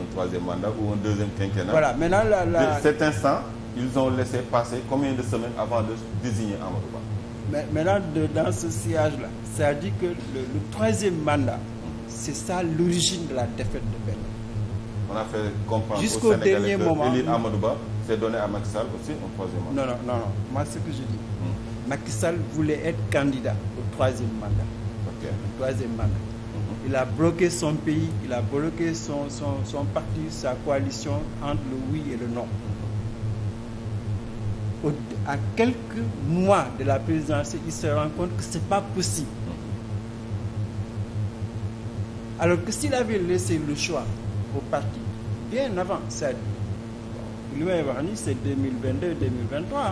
un troisième mandat ou un deuxième quinquennat voilà maintenant la, de cet instant ils ont laissé passer combien de semaines avant de désigner Amadou Ba mais dans ce sillage là c'est-à-dire que le, troisième mandat c'est ça l'origine de la défaite de Benno on a fait comprendre Jusqu'au aux Sénégalais dernier que moment, élire Amadou Ba, c'est Non, non, non, Moi, ce que je dis, mmh. voulait être candidat au troisième mandat. Hmm. Il a bloqué son pays, il a bloqué son, son, son parti, sa coalition entre le oui et le non. à quelques mois de la présidence, il se rend que ce pas possible. Hmm. Alors que s'il avait laissé le choix au parti, bien avant ça li may wax ni c'est 2022 2023 hein.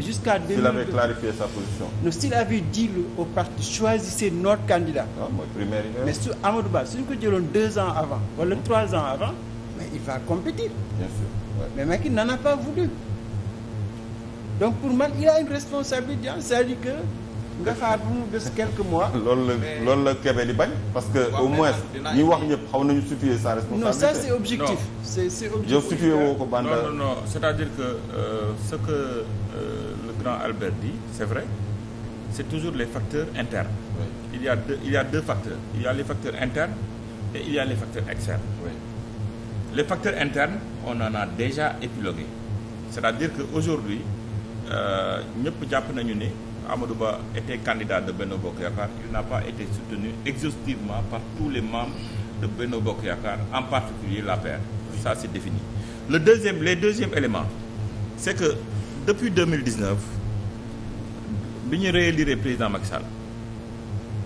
jusqu'à 2022 s'il avait clarifié sa position. non s'il avait dit au parti choisissez notre candidat. waaw ah, mais su Amadou Ba suñ ko jëloon deux ans avant. wala trois ans avant. mais il va compétir. bien mais Macky n'en a pas voulu. donc pour man il a une responsabilité c'est-à-dire que. nga xaar bu mu des quelques mois. loolu la loolu la Kébé di bañ. parce que au moins ñi wax ñëpp xaw nañu situer sa responsabilité. non ça c'est objectif. c'est c'est objectif yow situé woo ko Banda. non non non c'est-à-dire que euh, ce que euh, le grand Albert dit c'est vrai c'est toujours les facteurs internes. Oui. il y a deux il y a deux facteurs. il y a les facteurs internes et il y a les facteurs externes. Oui. les facteurs internes on en déjà épilogué c'est-à-dire que aujourd'hui euh, ñëpp jàpp nañu ni Amadou Ba était candidat de Benno Bokk Yaakaar il n'a pas été soutenu exhaustivement par tous les membres de Benno Bokk Yaakaar en particulier l'APR ça c'est défini le deuxième les deuxième élément c'est que depuis 2019 bi ñu réélire président Macky Sall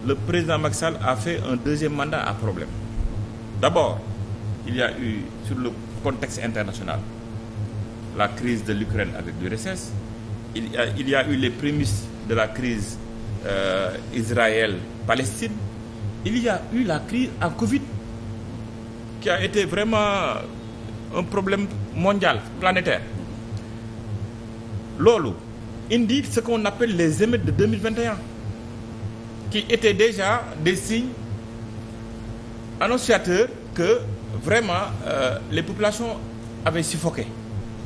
le président Macky Sall a fait un deuxième mandat à problème d'abord il y a eu sur le contexte international la crise de l'Ukraine avec l'URSS il y a, il y a eu les prémices de la crise euh, Israël-Palestine, il y a eu la crise à Covid qui a été vraiment un problème mondial, planétaire. loolu indi ce qu'on appelle les émeutes de 2021 qui étaient déjà des signes annonciateurs que vraiment euh, les populations avaient suffoqué.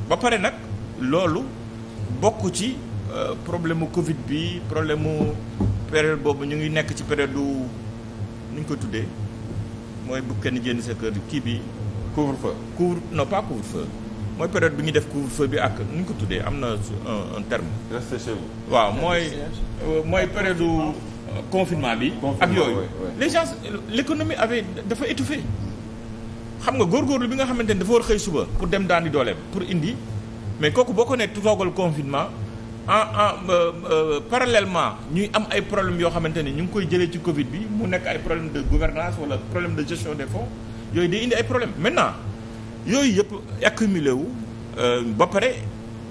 ba pare nag loolu bokk ci Euh, problème mu Covid bi problème mu période boobu ñu ngi nekk ci période du nu ko tuddee mooy bu kenn génn sa kër kii bi. couvre feu couvre non pas couvre feu mooy période bi ñuy def couvre feu bi ak nuñ ko tuddee am na un terme. waaw mooy euh, mooy période confinement bi. ak yooyu les gens l'économie avait dafa étouffé. xam nga góorgóorlu bi nga xamante ni dafa war xëy suba pour dem daani dooleem pour indi mais kooku boo ko nee toogal confinement. en euh, euh, parallèlement ñuy am ay problèmes yoo xamante ni ñu ngi koy jëlee ci Covid bi mu nekk ay problème de gouvernance wala problème de gestion des fonds yooyu day indi ay problèmes maintenant yooyu yëpp accumulé wu euh, ba pare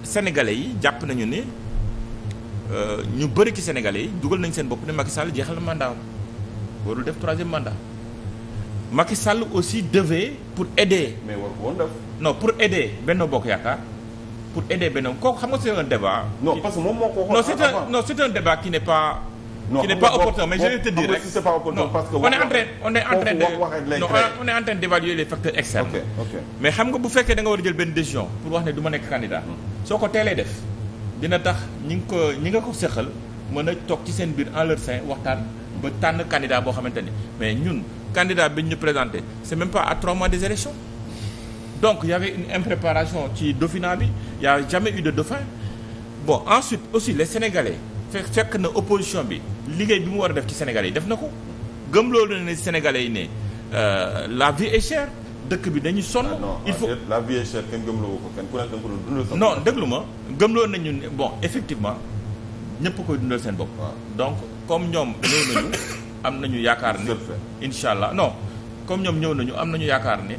sénégalais yi jàpp nañu ne ñu bëri ci sénégalais yi dugal nañ seen bopp ne Macky Sall jeexal na mandat warul def troisième mandat Macky Sall aussi devait pour aider. mais war ko woon pour aider Benno Bokk Yaakaar. pour aider Benno kooku xam nga c'est un débat. non parce que moom moo ko waxoon non c'est un non c'est un débat qui n'est pas. non qui n'est pas opportun mais je vais te dire rek non on est en train on est en train de non on est en train d'évaluer les facteurs externes. mais xam nga bu fekkee da nga war a jël benn décision pour wax ne du ma nekk candidat. soo ko teelee def dina tax ñi nga ko ñi nga ko seqal mën a toog ci seen biir en leur sein waxtaan ba tànn candidat boo xamante ni mais ñun candidat bi ñu présenté c'est même pas à trois mois des élections donc il y avait une impréparation ci Dauphinat bi il a jamais eu de dauphin bon ensuite aussi les sénégalais fekk fekk na opposition bi liggéey bi mu war a def ci sénégalais yi def na ko gëm loolu ne sénégalais yi ne euh, la vie est chère dëkk bi dañu sonn. Ah il faut la vie est chère kenn gëmloo ko kenn ku nekk da nga déglu ma gëmloo nañu ne bon effectivement ñëpp koy dundal seen bopp. Ah. donc comme ñoom ñëw nañu am nañu yaakaar ne. incha allah non comme ñoom ñëw nañu am nañu yaakaar ne.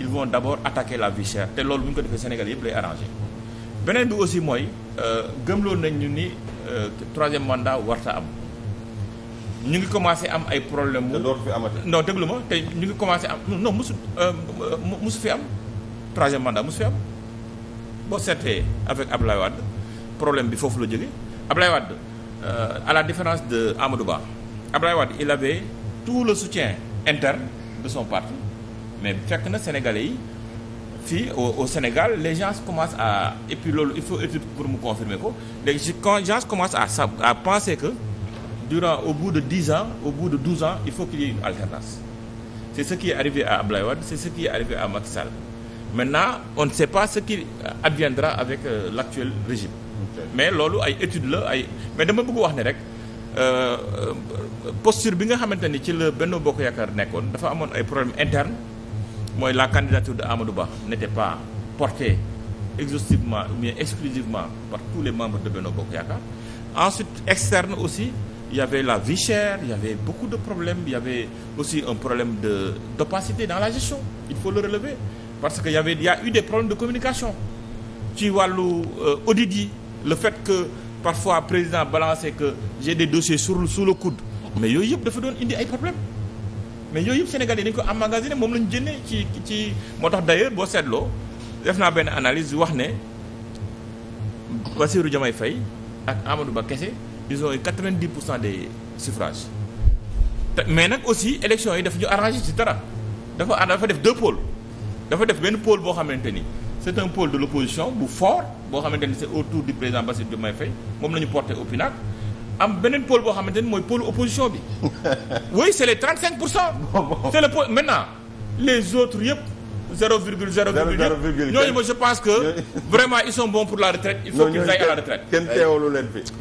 ils vont d'abord attaquer la vie chère te loolu bu ñu ko defee Sénégal yëpp lay arrangé beneen bi aussi mooy euh, gëmloo nañ ñu ni euh, troisième mandat warta am ñu ngi commencé am ay problème mu non déglu ma te ñu ngi commencé am non musu euh, musu fi am troisième mandat musu fi am boo seetee avec Ablaye Wade problème bi foofu la jóge Ablaye Wade à la différence de Amadou Ba Ablaye Wade il avait tout le soutien interne de son parti mais fekk na sénégalais yi fii au Sénégal les gens commencent à et puis loolu il faut étude pour mu confirmer ko léegi quand les gens commencent a à penser que durant au bout de dix ans au bout de douze ans il faut qu'il y ait alternance c'est ce qui arrivé à Abdoulaye Wade c'est ce qui est arrivé à Macky Sall maintenant on ne sait pas ce qui adviendra avec euh, l'actuel régime mais loolu ay étude la ay mais dama bëgg wax ne rek euh, euh, posture bi nga xamante ni ci la Benno Bokk Yaakaar nekkoon dafa amoon ay problèmes internes mooy la candidature de Amadou Ba n'était pas portée exhaustivement ou bien exclusivement par tous les membres de Benno Bokk Yaakaar ensuite externe aussi il y avait la vie chère il avait beaucoup de problèmes il y avait aussi un problème de d'opacité dans la gestion il faut le relever parce que y avait il y a eu des problèmes de communication ci wàllu euh, audit yi le fait que parfois président balancé que j'ai des dossiers sur sous le coude mais yooyu yëpp dafa doon indi ay problèmes mais yooyu yëpp Sénégalais dañ ko emmagasiné moom lañu jëndee ci ci moo tax d'ailleurs boo seetloo def naa benn analyse wax ne Bassirou Diomaye Faye ak Amadou Ba kese ils ont eu 90 pour cent des te mais nag aussi élection yi daf ñu arrangé ci dara dafa dafa def deux pole dafa def benn pôle boo xamante ni c'est un pôle de l'opposition bu fort boo xamante ni c'est autour du président Bassirou Diomaye Faye moom la ñu porté au am beneen pôle boo xamante ni mooy pôle opposition bi oui c' est les 35 pour cent. c' est le pôle maintenant les autres yëpp. 0 virgule 0 virgule ñooñu ma je pense que vraiment ils sont bons pour la retraite il faut qu'ils aillent à la retraite kenn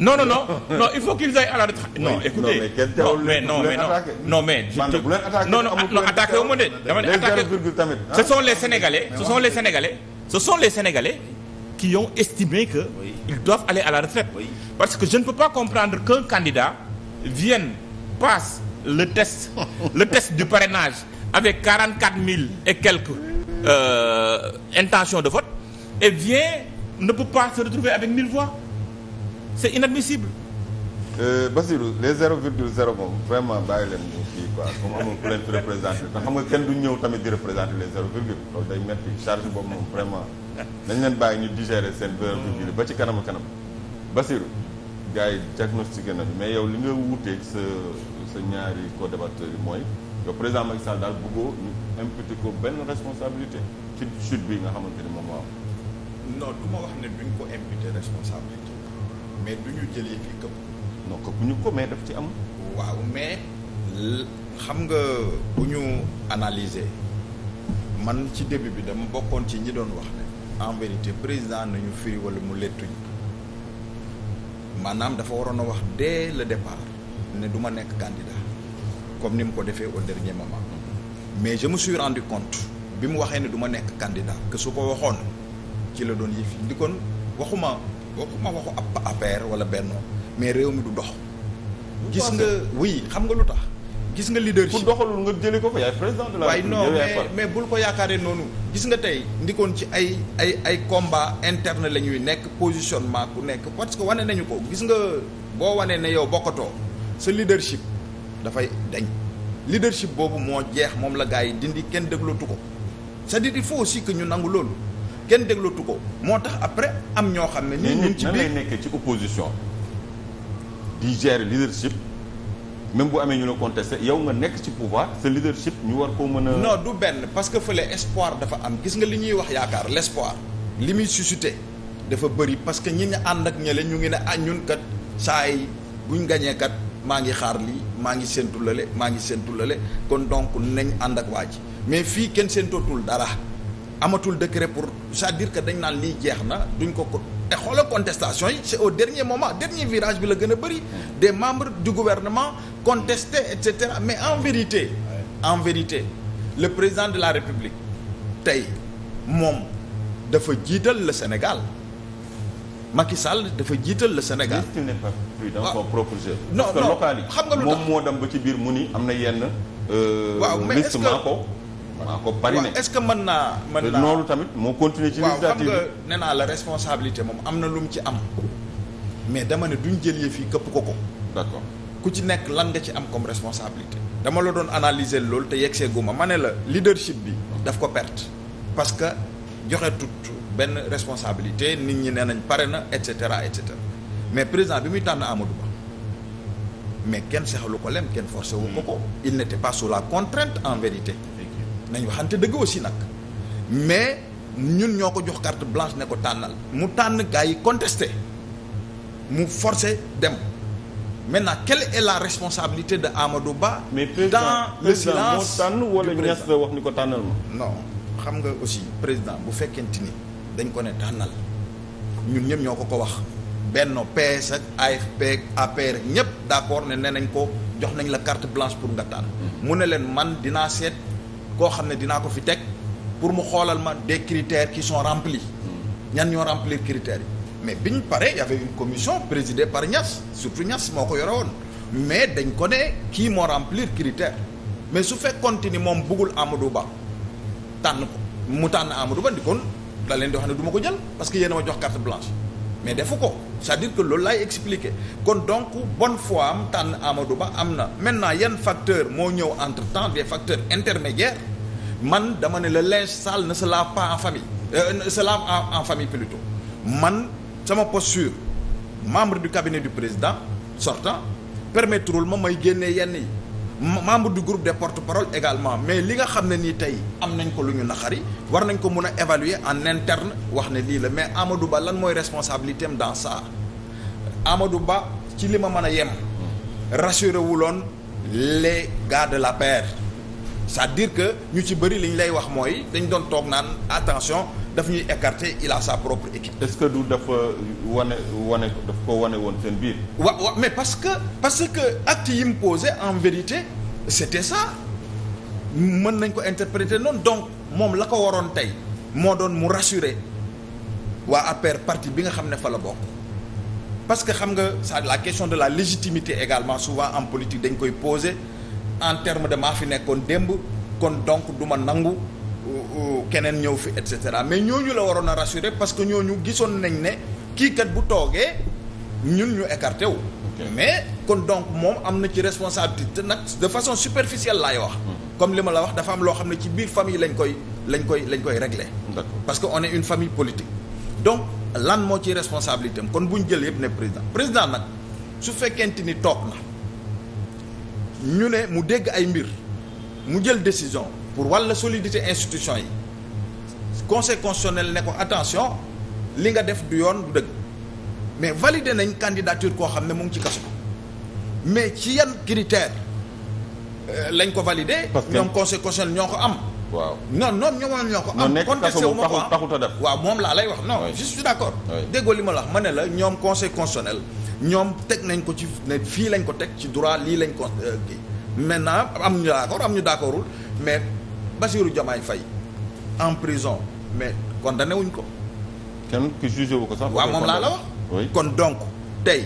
non non non non il faut qu'ils aillent à la retraite non écoutez non non non mais non non attaqué ce sont les sénégalais ce sont les sénégalais ce sont les sénégalais qui ont estimé que oui. ils doivent aller à la retraite parce que je ne peux pas comprendre qu'un candidat vienne passe le test le test du parrainage avec 44 000 et quelques euh, intentions de vote et vient ne peut pas se retrouver avec 1000 voix c'est inadmissible Euh, les 0,0 moom vraiment bàyyi leen moom fii fi représenté te xam nga kenn du les 0 virgule loolu day metti charge boobu moom vraiment dañ leen bàyyi ñu digérer seen vertu ba ci kanam kanam Basirou gars yi diagnostiqué na mais yow li nga wuuteeg sa sa ñaari co-débatteurs yi mooy yow président Macky Sall daal bëggoo ñu imputé ko benn responsabilité ci chute bi nga xamante ni moom moo am non du ma wax ne duñ ko imputé responsabilité mais du ñu jëlee fii këpp non këpp ñu ko mais daf ci am waaw mais xam nga bu ñu analyser man ci début bi dama bokkoon ci ñi doon wax ne en vérité président nañu firi wala mu lettuñ maanaam dafa waroon a wax dès le départ ne du ma nekk candidat comme ni mu ko defee au dernier moment mais je me suis rendu compte bi mu waxee ne du ma nekk candidat que su ko waxoon ci la doon yëf yi ndi kon waxuma waxuma waxu ab APR wala benn mais réew mi du dox gis nga oui xam nga lu tax gis nga leadership ku doxalul nga jëli ko fa yaay président de la République non mais bul ko yaakaaree noonu gis nga tey ndikoon ci ay ay ay combat internet la ñuy nekk positionnement ku nekk parce que wane nañu ko gis nga boo wanee ne yow bokkatoo sa leadership dafay dañ leadership boobu moo jeex moom la gars yi dindi kenn déglootu ko sa à dire il faut aussi ñu nangu loolu kenn déglootu ko moo tax après am ñoo xam ne. nii ñun ci biir lay nekkee ci opposition di gérer leadership. même bu amee ñu la contesté yow nga nekk ci pouvoir sa leadership ñu war koo mën a. non du benn parce que fële espoir dafa am gis nga li ñuy wax yaakaar l' li muy suscité dafa bëri parce que ñi ñu ànd ak ñële ñu ngi ne ah ñun kat saa yi buñ gañee kat maa ngi xaar lii maa ngi séntu lale maa ngi séntu lale kon donc nañ ànd ak waa ji mais fii kenn séntootul dara. amatul décret pour c'est-à-dire que dañ naan lii jeex na duñ ko ko te xoolal contestation yi c'est au dernier moment dernier virage bi la gën a bëri des membre du gouvernement contestés et mais en vérité en vérité le président de la République tey moom dafa jiital la Sénégal Macky Sall dafa jiital la Sénégal. tu n'es pas prudent dans ah. son propre jeu. non non parce moom moo dem ci biir mu ni am na yenn. Euh, waaw mais est waaw ko bari ne est-ce que mën naa. mën naa loolu tamit moo continuer ci législative bi waaw xam nga nee naa la responsabilité moom am na lu mu ci am. mais dama ne duñ jël yëf fii këpp ko ko. d'accord ku ci nekk lan nga ci am comme responsabilité. dama la doon analyser loolu te yegg see guma ma ne la leadership bi. daf ko perte. parce que joxe tut benn responsabilité nit ñi nee nañ pare na et cetera et mais président bi muy tànn Amadou Ba. mais kenn sexalu ko lem kenn forcé wu ko ko. Hmm. il n'était pas sous la contrainte en vérité. nañ waxante dëgg aussi nag mais ñun ñoo ko jox carte blanche ne ko tànnal mu tànn gars yi contesté mu forcé dem maintenant quelle est la responsabilité de Amadou Ba. mais président dans le silence moo tànn wala Niass la wax ni ko tànnal ma. non xam nga aussi président bu fekkente ni dañ ko ne tànnal ñun ñëpp ñoo ko ko wax benn PS ak AFP ak APR ñëpp d' accord ne nee nañ ko jox nañ la carte blanche pour nga tànn. Mm. mu ne leen man dinaa seet. koo xam ne dinaa ko fi teg pour mu xoolal ma des critères qui sont remplis ñan ñoo remplir critères yi mais bi ñu paree y avait une commission présidée par Niass surtout Niass moo ko yore woon mais dañ ko ne kii moo remplir critère mais su fekkoon ni moom bëggul Amadou Ba tànn ko mu tànn Amadou Ba ndi kon da leen di wax ne du ma ko jël parce que yéen a ma jox carte blanche mais defu ko c'est-à-dire que loolu lay expliquer kon donc bonne fois am tànn Amadou Ba am na maintenant yan facteur moo ñëw entre temps des facteurs intermédiaires man dama ne la linge sale na se lave pas en famille euh, ne en, en famille plutôt man sama posture membre du cabinet du président sortant permettrul ma may génne yenn yi membre du groupe des porte-parole également mais li nga xam ne nii tey am nañ ko lu ñu naqari war nañ ko mën a évaluer en interne wax ne lii la mais Amadou Ba lan mooy responsabilité am dans ça Amadou Ba ci li ma mën a yem rassuré wuloon les gars de la paire c'est-à-dire que ñu ci bëri li ñu lay wax mooy dañ doon toog naan attention daf ñuy écarter il a sa propre équipe. est-ce que du dafa wone wane daf ko wane woon seen biir. waaw waaw mais parce que parce que acte yi mu posé en vérité c'était ça mën nañ ko interpréter noonu donc moom la ko waroon tey moo doon mu rassurer waa APR parti bi nga xam ne fa la bokk. parce que xam nga ça la question de la légitimité également souvent en politique dañ koy poser en terme de maa fi nekkoon démb kon donc du ma nangu. keneen ñëw fi et cetera mais ñu la waroon a rassurer parce que ñooñu gisoon nañ ne kii kat bu toogee ñun ñu écarté wu. mais kon donc moom am na ci responsabilité nag de façon superficielle laay wax. Hmm. comme li ma la wax dafa am loo xam ne ci biir famille lañ koy lañ koy lañ koy régler. parce que on une famille politique. donc lan moo ci responsabilité am kon bu ñu jël yëpp ne président président nag su fekkente ni toog na ñu ne mu dégg ay mbir mu jël décision. pour wàll solidité institution yi conseil constitutionnel ne ko attention li nga def du yoon du dëgg mais valider nañ candidature koo xam ne mu ngi ci kaso mais ci yan critère euh, lañ ko valider. parce que ñoom conseil constitutionnel ñoo ko am. waaw non non ñoom ñoo ko am. contesté wu ma ko waaw lay wax non je suis d'accord. déggoo ma la la ñoom conseil constitutionnel ñoom teg nañ ko ci fii lañ ko teg ci droit lii lañ ko euh, maintenant am ñu d'accord am ñu d'accordul mais. Bassirou Diomaye fay en prison mais condamné wuñ ko. kenn wu ko sax. waaw moom laa la wax. kon donc tey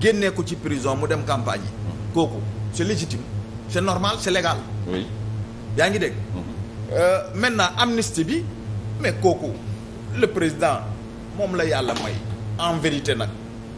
génnee ko ci prison mu dem campagne yi. kooku c' est légitime c' est normal c' est légal. oui yaa ngi dégg. Mhm. Euh, maintenant amnistie bi mais kooku le président moom la yàlla may en vérité nag.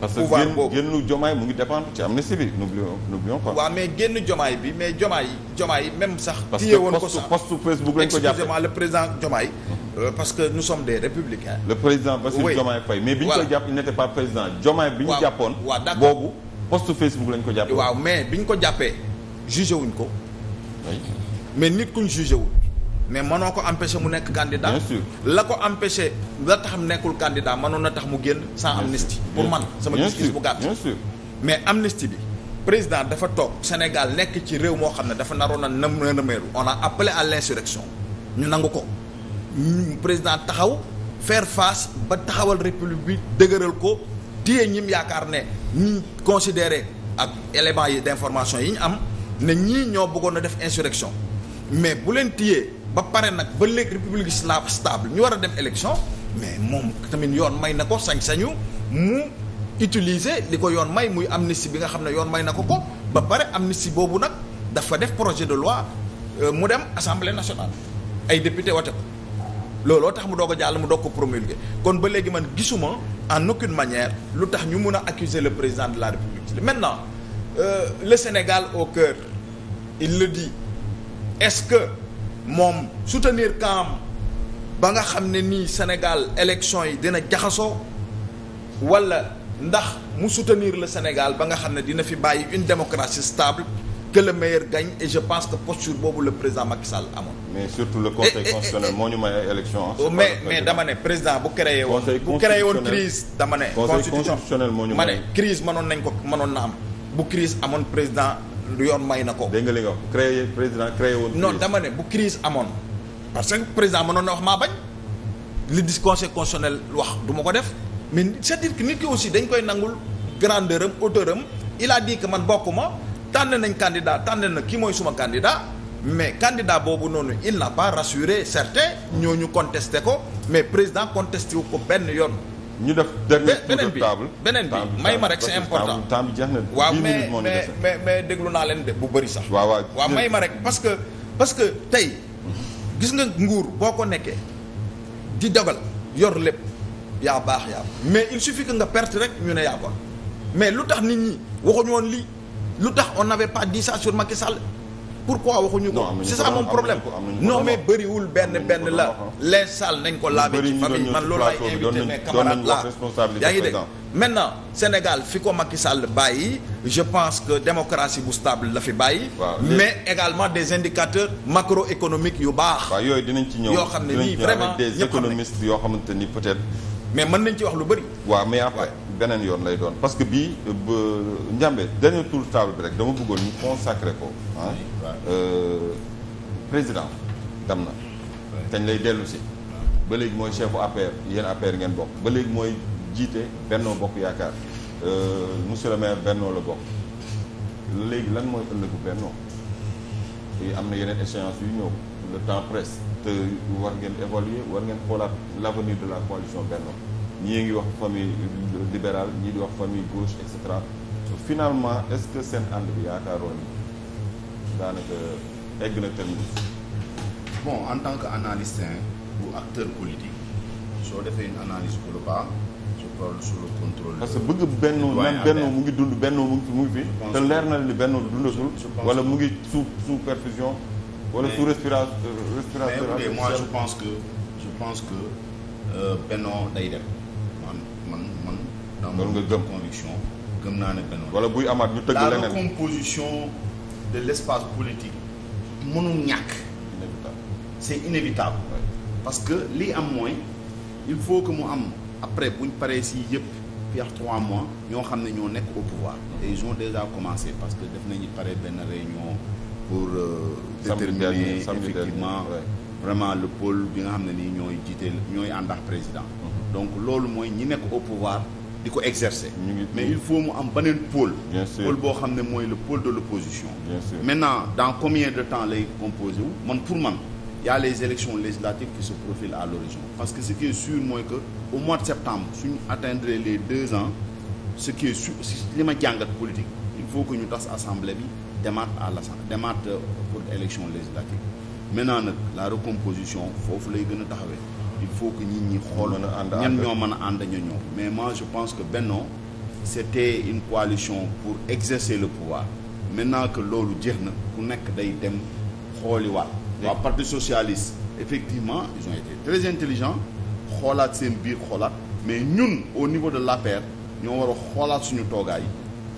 parce que pouvoir boobu génnu jomaay mu ngi dépendre ci amnistie bi n'oublions n'oublions pas. waaw mais génn jomaay bi mais jomaay jomaay même sax. téye woon ko sax parce que poste Facebook lañ ko jàppee excusez-moi le président jomaay. Euh, parce que nous sommes des républicains. le président Bassirou Diomaye Faye mais bi ñu koy jàpp il n'était pas président jomaay bi ñu jàppoon. waaw d'accord boobu poste Facebook lañ ko jàppee. waaw mais bi ñu ko jàppee jugé wuñ ko. mais nit kuñ jugé wul. mais mënoo ko empêcher mu nekk candidat la ko empêcher la tax mu nekkul candidat manoon a tax mu génn sans amnistie pour man sama gis-gis bu gàtt mais amnistie bi président dafa toog Sénégal nekk ci réew moo xam ne dafa naroon a nëm nëmeeru on a appelé à l'insurrection ñu nangu ko président taxaw fair face ba taxawal république bi dëgëral ko téye ñim yaakaar ne ñu considéré ak éléments yi d'information yi ñu am ne ñii ñoo bëggoon a def insurrection mais bu leen téyee ba pare nag ba léegi république islam stable ñu war a dem élection mais moom tamit yoon may na ko sañ-sañu mu utiliser li ko yoon may muy amnistie bi nga xam ne yoon may na ko ko ba pare amnistie boobu nag dafa def projet de loi euh, mu dem assemblée nationale ay député wate ko looloo tax mu doog a jàll mu doo ko promulguer kon ba léegi man gisuma en aucune manière lu tax ñu mun a accuser le président de la république maintenant euh, le Sénégal au cœur le dit ce que moom soutenir camp ba nga xam ne nii Sénégal élection yi dina jaxasoo wala ndax mu soutenir le Sénégal ba nga xam ne dina fi bàyyi une démocratie stable que le meilleur gagne et je pense que posture boobu le président Macky Sall amoon. mais surtout le conseil eh, eh, eh, constitutionnel moo ñu may ay élections. mais mais dama ne président bu créé woon. bu créé woon crise dama ne. conseil moo ñu may ma ne crise manoon nañ ko mënoon na am bu crise amoon président. lu yoon may na ko. dégg nga li nga wax créé président créé woon. non dama ne bu crise amoon. parce que président mënoon na wax maa bañ. li di conseil wax du ma ko def. mais c'est-à-dire que nit ki aussi dañ koy nangul grandeur am hauteur am il di dit que man ma tànn nañ candidat tànn na kii mooy suma candidat mais candidat boobu noonu il n'a pas rassuré certains ñu contesté ko mais président contesté wu ko benn yoon. ñu def dernier beneen bi beneen bi may ma rek c'est important temps bi jeex na waaw mais mais mais déglu naa leen de bu bëri sax waaw waaw waaw may ma rek parce que parce que tey gis nga nguur boo ko nekkee di dogal yor lépp yaa baax yaa mais il suffit que nga perte rek ñu ne yaa bon mais lu tax nit ñi waxuñu woon lii lu tax on n'avait pas dit ça sur Macky Sall pourquoi waxuñu ko c'est ça mon problème non mais bëriwul benn benn la les sales nañ ko laabe ci famille man loolu ay invité mes camarades là yaa ngi dégg maintenant Sénégal fi ko Macky Sall bàyyi je pense que démocratie bu stable la fi bàyyi mais également des indicateurs macroéconomiques yu baax waaw yooyu dinañ ci ñëw yoo xam ne nii vraiment des économistes yoo xamante ni peut-être mais mën nañ ci wax lu bëri waa mais après beneen yoon lay doon parce que bii euh, ba Njambe dernier tour table bi rek dama bëggoon ñu consacré ko ah euh, président dem na dañ lay dellu si ah. ba léegi mooy chef bu APR yéen APR ngeen bokk ba léegi mooy jiite Benno Bokk Yaakaar euh, monsieur le maire Benno la bokk léegi lan mooy ëllëgu Benno yi am na yeneen échéance yu ñëw le temps presse te war ngeen évoluer war ngeen xoolaat l' avenir de la coalition Benno ñii ngi wax famille libérale ñii di wax famille gauche et cetera finalement est-ce que seen ànd bi yaakaaroon ni daanaka egg na terme bon en tant que analyste ou acteur politique soo defee une analyse globale je parle parce que bëgg benn même benn mu ngi dund benn mu ngi mu ngi fi. te leer na ni benn dundatul. wala mu ngi sous sous perfusion. wala sous respira euh, respirateur. mais moi je pense que je pense que euh, benn day dem. donc loolu nga gëm conviction gëm naa ne benn wala buy amaat ñu tëgg leneen la recomposition de l' espace politique mënul ñàkk c' est inévitable parce que li am mooy il faut que mu am après bu buñ paree si yëpp pierre trois mois ñoo xam ne ñoo nekk au pouvoir mm-hmm. et ils ont déjà commencé parce que def nañu pare benn réunion pour euh, déterminer effectivement vraiment le pôle bi nga xam ne nii ñooy jiite ñooy ànd ak président mm-hmm. donc loolu mooy ñi nekk au pouvoir di ko exercer. mais il faut mu am beneen pôle. bien boo xam ne mooy le pôle de l' opposition. bien sûr maintenant dans combien de temps lay composé wu man pour man y les élections législatives qui se profilent à l'horizon parce que ce qui est sûr mooy que au mois de septembre suñu atteindre les deux ans ce qui est sûr li ma jàngat politique il faut que ñu tas assemblée bi demaat à l'assemblée demaat euh, pour élection législative maintenant nag la recomposition foofu lay gën a taxawee. il faut que nit ñi xool ñan ñoo mën a ànd ñoo mais moi je pense que Benno c'était une coalition pour exercer le pouvoir maintenant que loolu jeex na ku nekk day dem xooliwaat waa parti socialiste effectivement ils intelligents xoolaat seen biir xoolaat mais ñun au niveau de l'APR ñoo war xoolaat suñu toogaay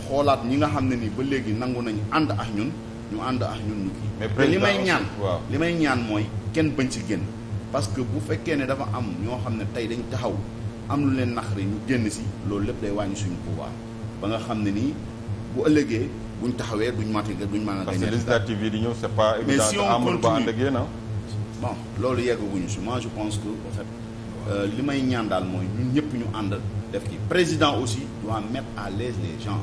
xoolaat ñi nga xam ne ni ba léegi nangu nañu ànd ak ñun ñu ànd ak ñun ñu kii mais li may ñaan li may ñaan mooy kenn bañ ci génn parce que bu fekkee ne dafa am ñoo xam ne tey dañ taxaw am lu leen rek ñu génn si loolu lépp day wàññi suñu pouvoir ba nga xam ne nii bu ëllëgee buñ taxawee duñ mat duñ mën a. parce que législative yi di ñëw c'est pas évident. mais si on continue ah. bon loolu yeggaguñu si je pense que en fait euh, li may ñaan daal mooy ñun ñëpp ñu ànd def ci président aussi doit mettre à les les gens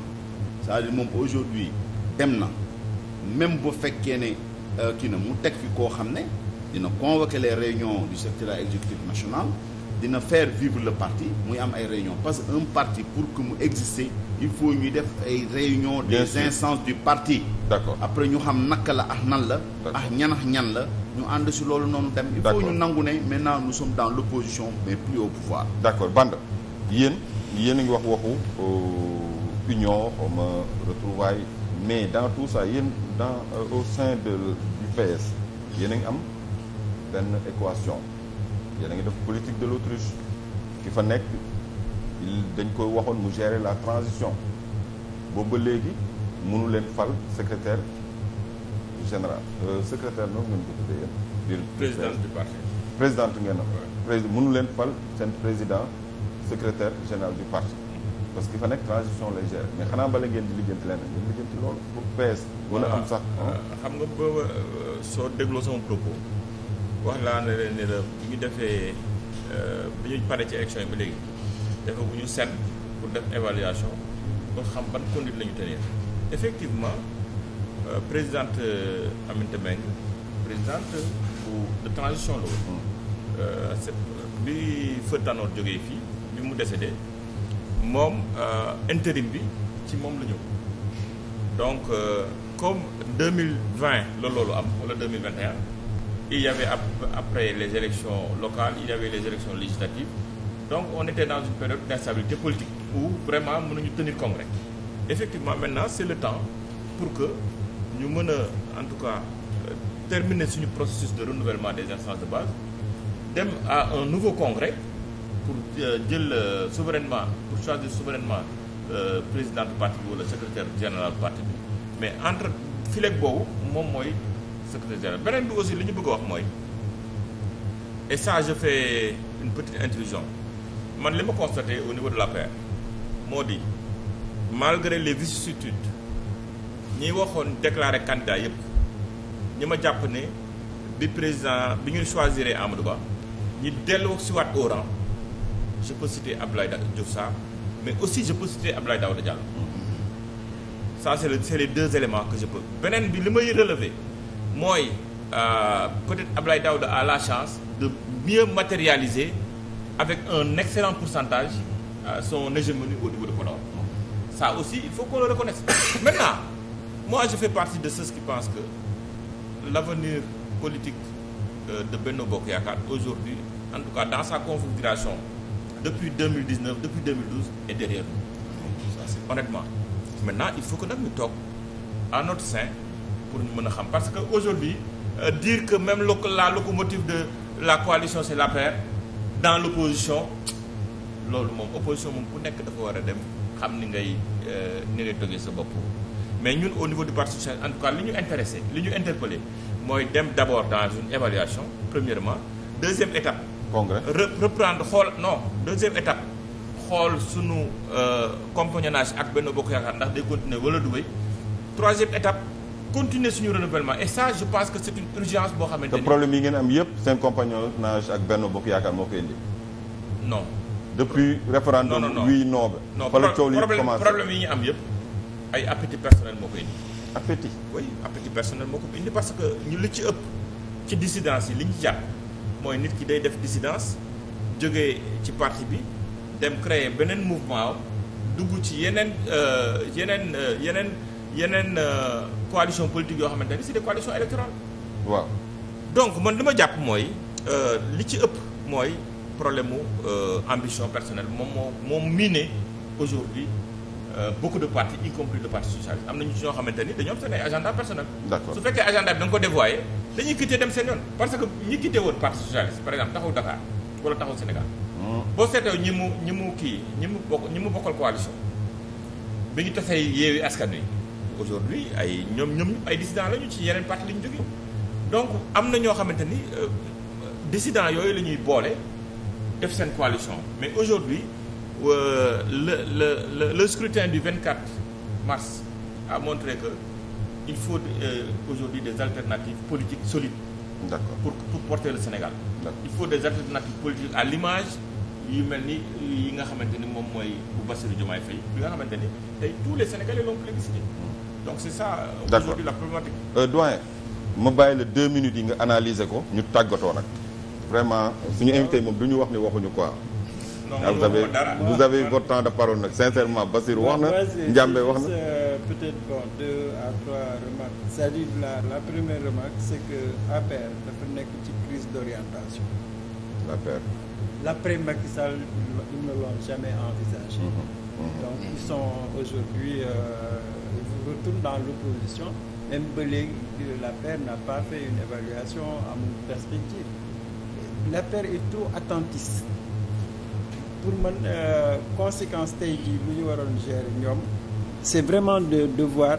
c'est-à-dire moom aujourd'hui dem na même bu fekkee ne euh, kii na mu teg fi koo xam ne. dina convoquer les réunions du secrétariat exécutif national dina fair vivre le parti muy am ay réunion parce que un parti pour que mu exister il faut ñuy def ay réunion des instances du parti d'accord après ñu xam naka la ak nan la ak ñan ak ñan la ñu ànd si loolu noonu dem il faut ñu nangu ne maintenant nu sommes dans l'opposition mais plus au pouvoir d'accord Banda yéen yéen ngi wax waxu euh, union xawma retrouvaille mais dans tout ça yéen dans euh, au sein de du PS yéen a ngi am benn équation yéen ngi def politique de ki fa nekk dañ koy waxoon mu gérer la transition boobu ba léegi mënu leen fal secrétaire général euh, secrétaire noonu ngeen ko tuddee yéen président du parti présidente ngeen am président mënu leen fal seen président secretaire général du parti parce que fa nekk transition légère mais xanaa bale ngeen di lijjanti leneen ngeen lijjanti loolu pour PS wala am ah, sax ah, ah. xam nga ba soo dégloo sama propos wax laa ne leen ne la bu ñu defee euh, bi ñu paree ci élection yi ba léegi dafa bu ñu seet pour def évaluation pour xam ban conduite la ñu tenir effectivement euh, présidente euh, Aminata Mbengue présidente bu de transition la woon bi Feu Tanor jógee fii bi mu décédé moom intérim bi ci moom la ñëw donc comme 2020 la loolu am wala 2021 il y avait après les élections locales il y avait les élections législatives donc on était dans une période d'instabilité politique où vraiment mënuñu tenir congrès effectivement maintenant c'est le temps pour que ñu mën a en tout cas euh, terminer suñu processus de renouvellement des instances de base dem à un nouveau congrès pour euh, jël euh, souverainement pour choisir souverainement président du parti bi wala secrétaire général du parti bi mais entre fileeg boobu moom mooy secrétaire beneen bi aussi li ñu bëgg a wax mooy et ça je fais une petite intrusion man li ma constaté au niveau de l'APR moo di malgré les vicissitudes ñi waxoon déclaré candidat yëpp ñi ma jàpp ne bi président bi ñuy choisiré Amadou Ba ñi dellu si waat au rang je peux citer Abdoulaye Diouf mais aussi je peux citer Abdoulaye Daouda Diallo ça c'est le c'est les deux éléments que je beneen bi li may relever mooy euh, peut-être Abdoulaye Daouda a la chance de mieux matérialiser avec un excellent pourcentage euh, son hégémonie au niveau de Podor ça aussi il faut qu'on le reconnaisse maintenant moi je fais partie de ceux qui pensent que l'avenir politique euh, de Benno Bokk Yaakaar aujourd'hui en tout cas dans sa configuration depuis 2019 depuis 2012 est derrière nous honnêtement maintenant il faut que nag ñu toog à notre sein pour ñu mën a xam parce que aujourd'hui euh, dire que même lo la locomotive de la coalition c'est l'APR dans l'opposition loolu moom opposition moom bu nekk dafa war a dem xam ni ngay euh, ni ngay toggee sa bopp mais ñun au niveau de parti socialiste en tout cas li ñu intéressé li ñu interpellé mooy dem d'abord dans une évaluation premièrement deuxième étape congrès reprendre xool non deuxième étape xool sunu euh, compagnonnage ak benn bokk yaakaar ndax day continuer wala du bay étape continuer suñu renouvellement et ça je pense que c'est une urgence boo xamante ni. te problème yi ngeen am yëpp seen compagnonnage ak Benno Bokk Yaakaar moo ko indi. non. depuis référendum. non non non oui non. non problème yi ñu am yëpp ay appétit personnel moo ko indi. appétit oui appétit personnel moo ko indi parce que ñu li ci ëpp ci dissidence yi li ñu jàpp mooy nit ki day def dissidence jógee ci parti bi dem créer beneen mouvement dugg ci yeneen euh, yeneen euh, yeneen. yeneen euh, coalition politique yoo xamante ne c'est des coalitions waaw donc man li ma jàpp mooy euh, li ci ëpp mooy problème mu euh, ambition personnelle moom moo moom miné aujourd'hui beaucoup de partis y compris le parti socialiste am nañu ci ñoo xamante dañoo am seen ay agenda personnel d'accord su fekkee agenda bi da nga ko dévoyé dañuy quitté dem seen yoon parce que ñi quitté woon parti socialiste par exemple taxaw Dakar wala taxaw Sénégal hmm. boo seetee ñi mu ñi mu kii ñi mu mu bokkal coalition bi ñu tasee yeewi askan wi aujourd'hui ay ñoom ñoom ay dissident la ñu ci yeneen parti la ñu jóge donc am na ñoo xamante ni euh, dissident yooyu lañuy boole def seen coalition mais aujourd'hui euh, le le le le scrutin du 24 mars a montre que il faut de euh, aujourd'hui des alternatives politiques solides. d'accord pour pour porter le Sénégal. il faut des alternatives politiques à l'image yu mel ni yi nga xamante ni moom mooy bu Bassirou Diomaye Faye bi nga xamante ni tey tous les Sénégalais l'ont plébiscité. donc c'est ça euh, aujourd'hui la problématique euh, bàyyi la deux minutes yi nga analyser ko ñu tàggatoo nag vraiment suñu invité moom du ñu wax ni waxuñu quoi non ah, vous avez vous ah, avez ah. votre temps de parole nag sincèrement Bassirou wax na Ndiambe wax na euh, peut-être bon deux à la la première remarque c'est que APR dafa nekk ci crise d'orientation l'APR l'après Macky Sall ils ne l'ont jamais envisagé mm-hmm. Mm-hmm. donc ils sont aujourd'hui retourne dans l'opposition même ba léegi la paire n'a pas fait une évaluation amul perspective la paire est trop attentiste pour man euh, conséquence tey jii bu ñu waroon gérer ñoom c'est vraiment de devoir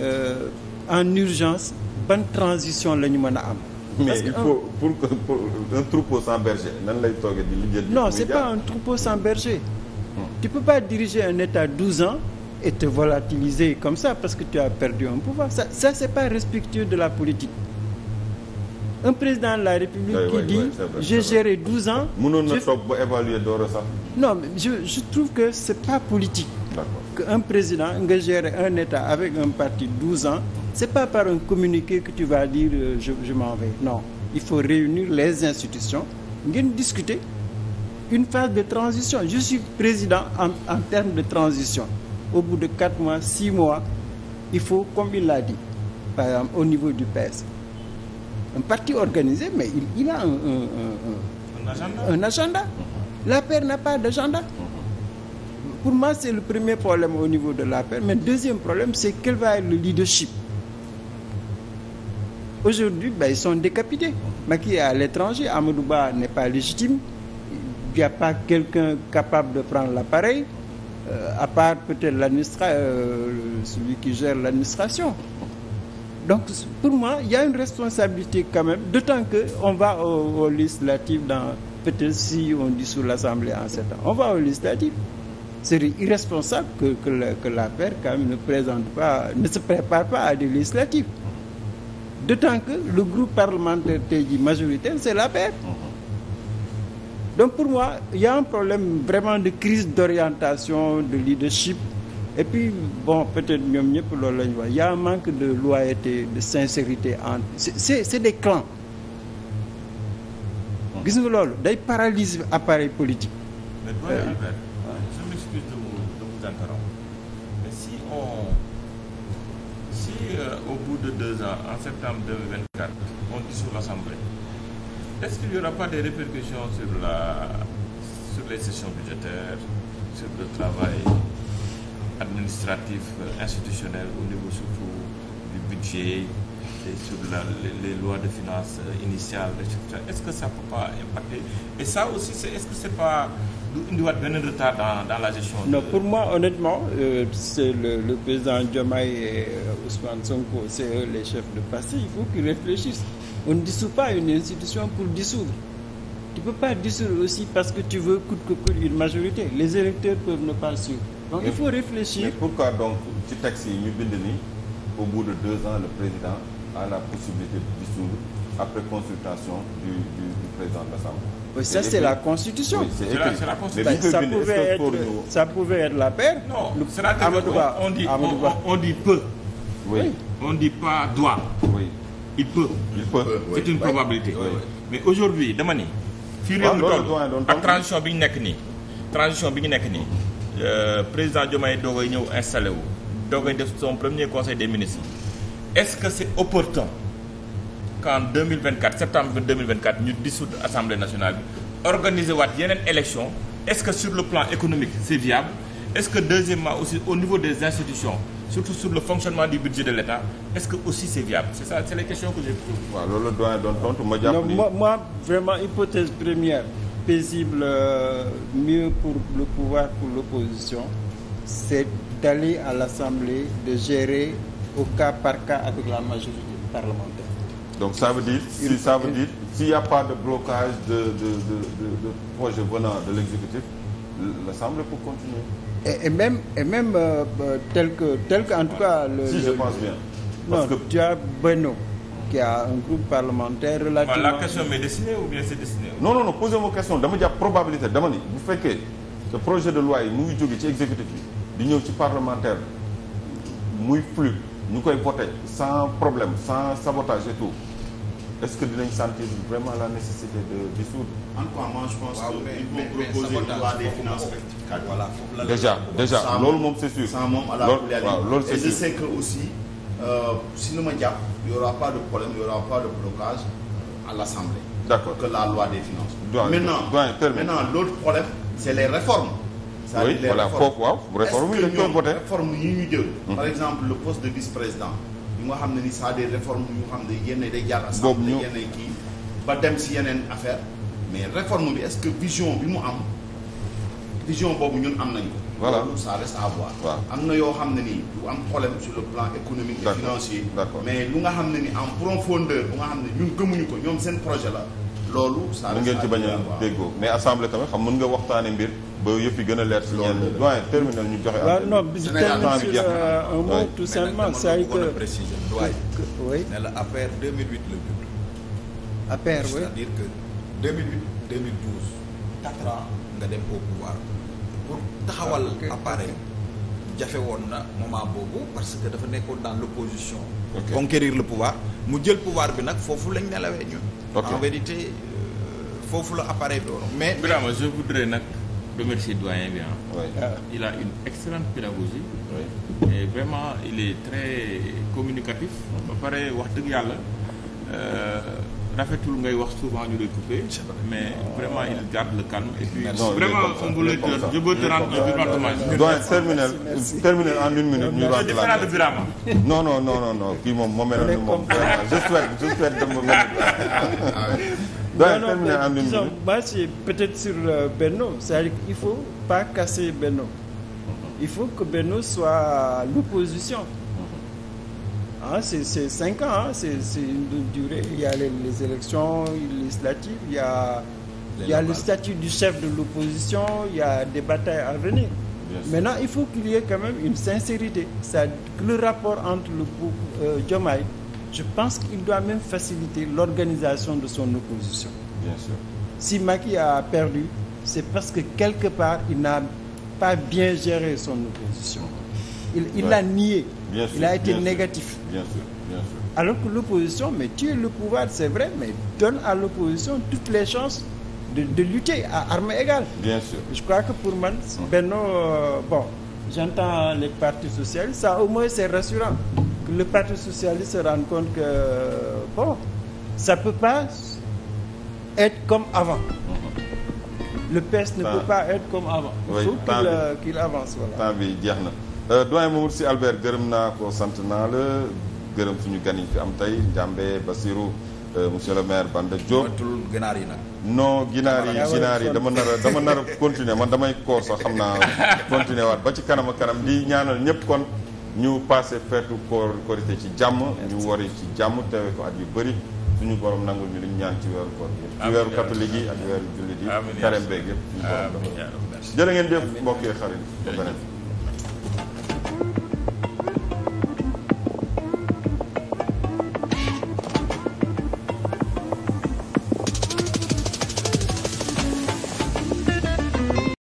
euh, en urgence ban transition la ñu mën a am. mais il faut pour que pour un troupeau sans berger nan lay toogee di. non c'est pas un troupeau hmm. diriger un État ans. et te volatiliser comme ça parce que tu as perdu un pouvoir. Ça, ça c'est pas respectueux de la politique. Un président de la République oui, qui oui, j'ai géré 12 ans. mënoon na toog ba évaluer door a non que c'est pas politique. d'accord qu'un président nga gérer un État avec un parti 12 ans. c'est pas par un communiqué que tu vas dire euh, je je non il faut réunir les institutions ngeen discuter une phase de transition je suis président en en termes de transition. au bout de quatre mois, 6 mois, il faut, comme il l'a dit, par exemple, au niveau du PS, un parti organisé, mais il, a un, agenda. La paire n'a pas d'agenda. Pour moi, c'est le premier problème au niveau de la paire. Mais le deuxième problème, c'est quel va être le leadership Aujourd'hui, ben, ils sont décapités. Maki est à l'étranger, Amadouba n'est pas légitime, il n'y a pas quelqu'un capable de prendre l'appareil. Euh, à part peut-être l'administration, euh, celui qui gère l'administration. Donc pour moi, il y a une responsabilité quand même, d'autant qu'on va aux, aux législatives dans peut-être si on dissout l'Assemblée en sept ans. On va aux législatives. C'est irresponsable que, que, la, que la paire quand même ne présente pas, ne se prépare pas à des législatives. D'autant que le groupe parlementaire majoritaire, c'est la paire. Mm-hmm. Donc pour moi, y a un problème vraiment de crise d'orientation, de leadership. Et puis, bon, peut-être mieux pour le Il y a un manque de loyauté, de sincérité. En... C'est des clans. Gis nga loolu day paralyser appareil politique. mais euh, doyen si euh, au bout de deux ans en septembre 2024 on est-ce qu'il n'y aura pas des répercussions sur la sur les sessions budgétaires sur le travail administratif euh, institutionnel au niveau surtout du budget et sur la, les, les, lois de finances euh, initiales etc est-ce que ça peut pas impacter et ça aussi c'est est-ce que c'est pas du indiwaat benn retard dans dans la gestion non de... pour moi honnêtement euh, c'est le, le président Diomaye et euh, Ousmane Sonko c'est eux les chefs de parti il faut qu'ils réfléchissent On ne dissout pas une institution pour dissoudre. Tu ne pas dissoudre aussi parce que tu veux coûte que coûte une majorité. Les électeurs peuvent ne pas le suivre. Donc mais, il faut réfléchir. Mais pourquoi donc, ñu bind nii au bout de deux ans le président a la possibilité de dissoudre après consultation du président de c'est la Constitution. Oui, c'est la, la Constitution. Ça, ça, la paire. Non, le, Amadou on dit on, Oui. On dit pas doit. il peut. il peut c'est une probabilité. mais aujourd'hui dama ni. fii réew mi toll ak transition bi ñu nekk nii. transition bi ñu nekk nii euh, président Diomaye doogay ñëw installé wu doogay def son premier conseil des ministres est-ce que c'est opportun qu'en 2024 septembre 2024 ñu dissoudre assemblée nationale bi organiser waat yeneen élection est-ce que sur le plan économique c'est viable est-ce que deuxièmement aussi au niveau des institutions. surtout sur le fonctionnement du budget de l'État est-ce que aussi c'est viable c'est ça c'est les questions que j'ai waaw loolu la doyen doon tontu ma moi vraiment hypothèse première paisible euh, mieux pour le pouvoir pour l'opposition c'est d'aller à l'Assemblée de gérer au cas par cas avec la majorité parlementaire donc ça veut dire si ça n'y a pas de blocage de de de de, de projet venant de l'exécutif l'Assemblée peut continuer et, et même et même euh, euh tel que tel en tout cas. le si le, je pense bien. parce non, que tu as Benno qui a un groupe parlementaire. relativement la question m'est destinée ou bien c'est non non non posez vos questions dama jàpp probabilité dama ni bu fekkee projet de loi yi muy jóge ci exécutif bi di ñëw ci parlementaire muy flux ñu koy voté sans problème sans sabotage et tout. est-ce que dinañ sentir vraiment la nécessité de dissoudre. en tout je pense que il proposer loi des finances rectificative déjà déjà loolu moom c'est sans moom à la loolu c'est sûr et je que aussi euh, si nu ma jàpp y aura pas de problème y aura pas de blocage à l'Assemblée. d'accord que la loi des finances. doyen maintenant maintenant l'autre problème c'est les réformes. cest à réformes oui par mhm. exemple le poste de vice-président. nga xam ne ni ça des réformes yu nga xam ne yenn day jaar assemblée yenn kii ba dem si yeneen affaire mais réforme bi est-ce que vision bi mu am vision boobu ñun am nañu ko voilà saa reste à voir am na yoo xam ne nii du am problème sur le plan économique et financier mais lu nga xam ne ni en profondeur bu nga xam ne ñun gëmuñu ko ñoom seen projet la loolu. ça reste ngeen ci bañ a déggoo mais assemblée tamit xam mën nga waxtaane mbir ba yëpp yi gën a leer si ñenn ñi. doyen terminal ñu joxe. waaw non bi termine sur euh, un mot la affaire 2008 la judd. affaire oui que 2008 2012 4 ans nga dem au pouvoir pour taxawal ah, appareil. jafe woon na moment boobu parce que dafa nekkoon dans l'opposition conquérir le pouvoir mu jël pouvoir bi nag foofu lañ nelawee ñun en vérité foofu la appareil bi waroon mais Birama je voudrais nag remercier doyen bi ah. il a une excellente pédagogie. et vraiment il est très communicatif. ba pare wax dëgg yàlla euh, rafetul ngay wax souvent ñu lay couper. mais vraiment il garde le calme. et puis non, vraiment on doyen terminal terminal en une minute. ñu rendre la Birama. non non non kii moom moo mel ni moom vraiment j'espère j'espère dem ba mel non, non, mais, en disons, moi, c'est peut-être sur euh, Benno. C'est-à-dire qu'il ne faut pas casser Benno. Il faut que Benno soit l'opposition. Hein, mm-hmm. ah, c'est cinq ans, hein, c'est une durée. Il y a les, les élections législatives, il y a, il y a le statut du chef de l'opposition, il y a des batailles à venir. Maintenant, il faut qu'il y ait quand même une sincérité. Ça, le rapport entre le euh, Jamaï Je pense qu'il doit même faciliter l'organisation de son opposition. Bien sûr. Si Macky a perdu, c'est parce que quelque part, il n'a pas bien géré son opposition. Il l'a ouais. nié. Bien sûr, il a été bien négatif. Sûr, bien sûr, bien sûr. Alors que l'opposition, mais tu es le pouvoir, c'est vrai, mais donne à l'opposition toutes les chances de, de, lutter à armes égales. Bien sûr. Je crois que pour moi, Beno, euh, bon, j'entends les partis socialistes, ça au moins c'est rassurant. le Parti socialiste se rende compte que bon ça peut pas être comme avant mhm. le PS ne peut pas être comme avant. oui il faut temps euh, bi jeex na euh, doyen Mamour Sy Albert gërëm naa ko sant naa la gërëm suñu gan yi fi am tey Ndiambé Basirou euh, monsieur le maire Banda Diop. matul ginaar yi nag. non ginaar yi ah, ginaar yi dama nar a dama nar continuer man damay koor sax xam naa continuer waat ba ci kanam a kanam di ñaanal ñëpp kon. ñu passé feetu koor korité ci jàmm ñu wari ci jàmm teewe ko at yu bëri suñu borom nangul ñu liñ ñaan ci weeru koor ci weeru catholique yi ak weeru jullit yi karem beeg yëpp suñu borom dafa jërë ngeen jëf mbokk yi xarit ba beneen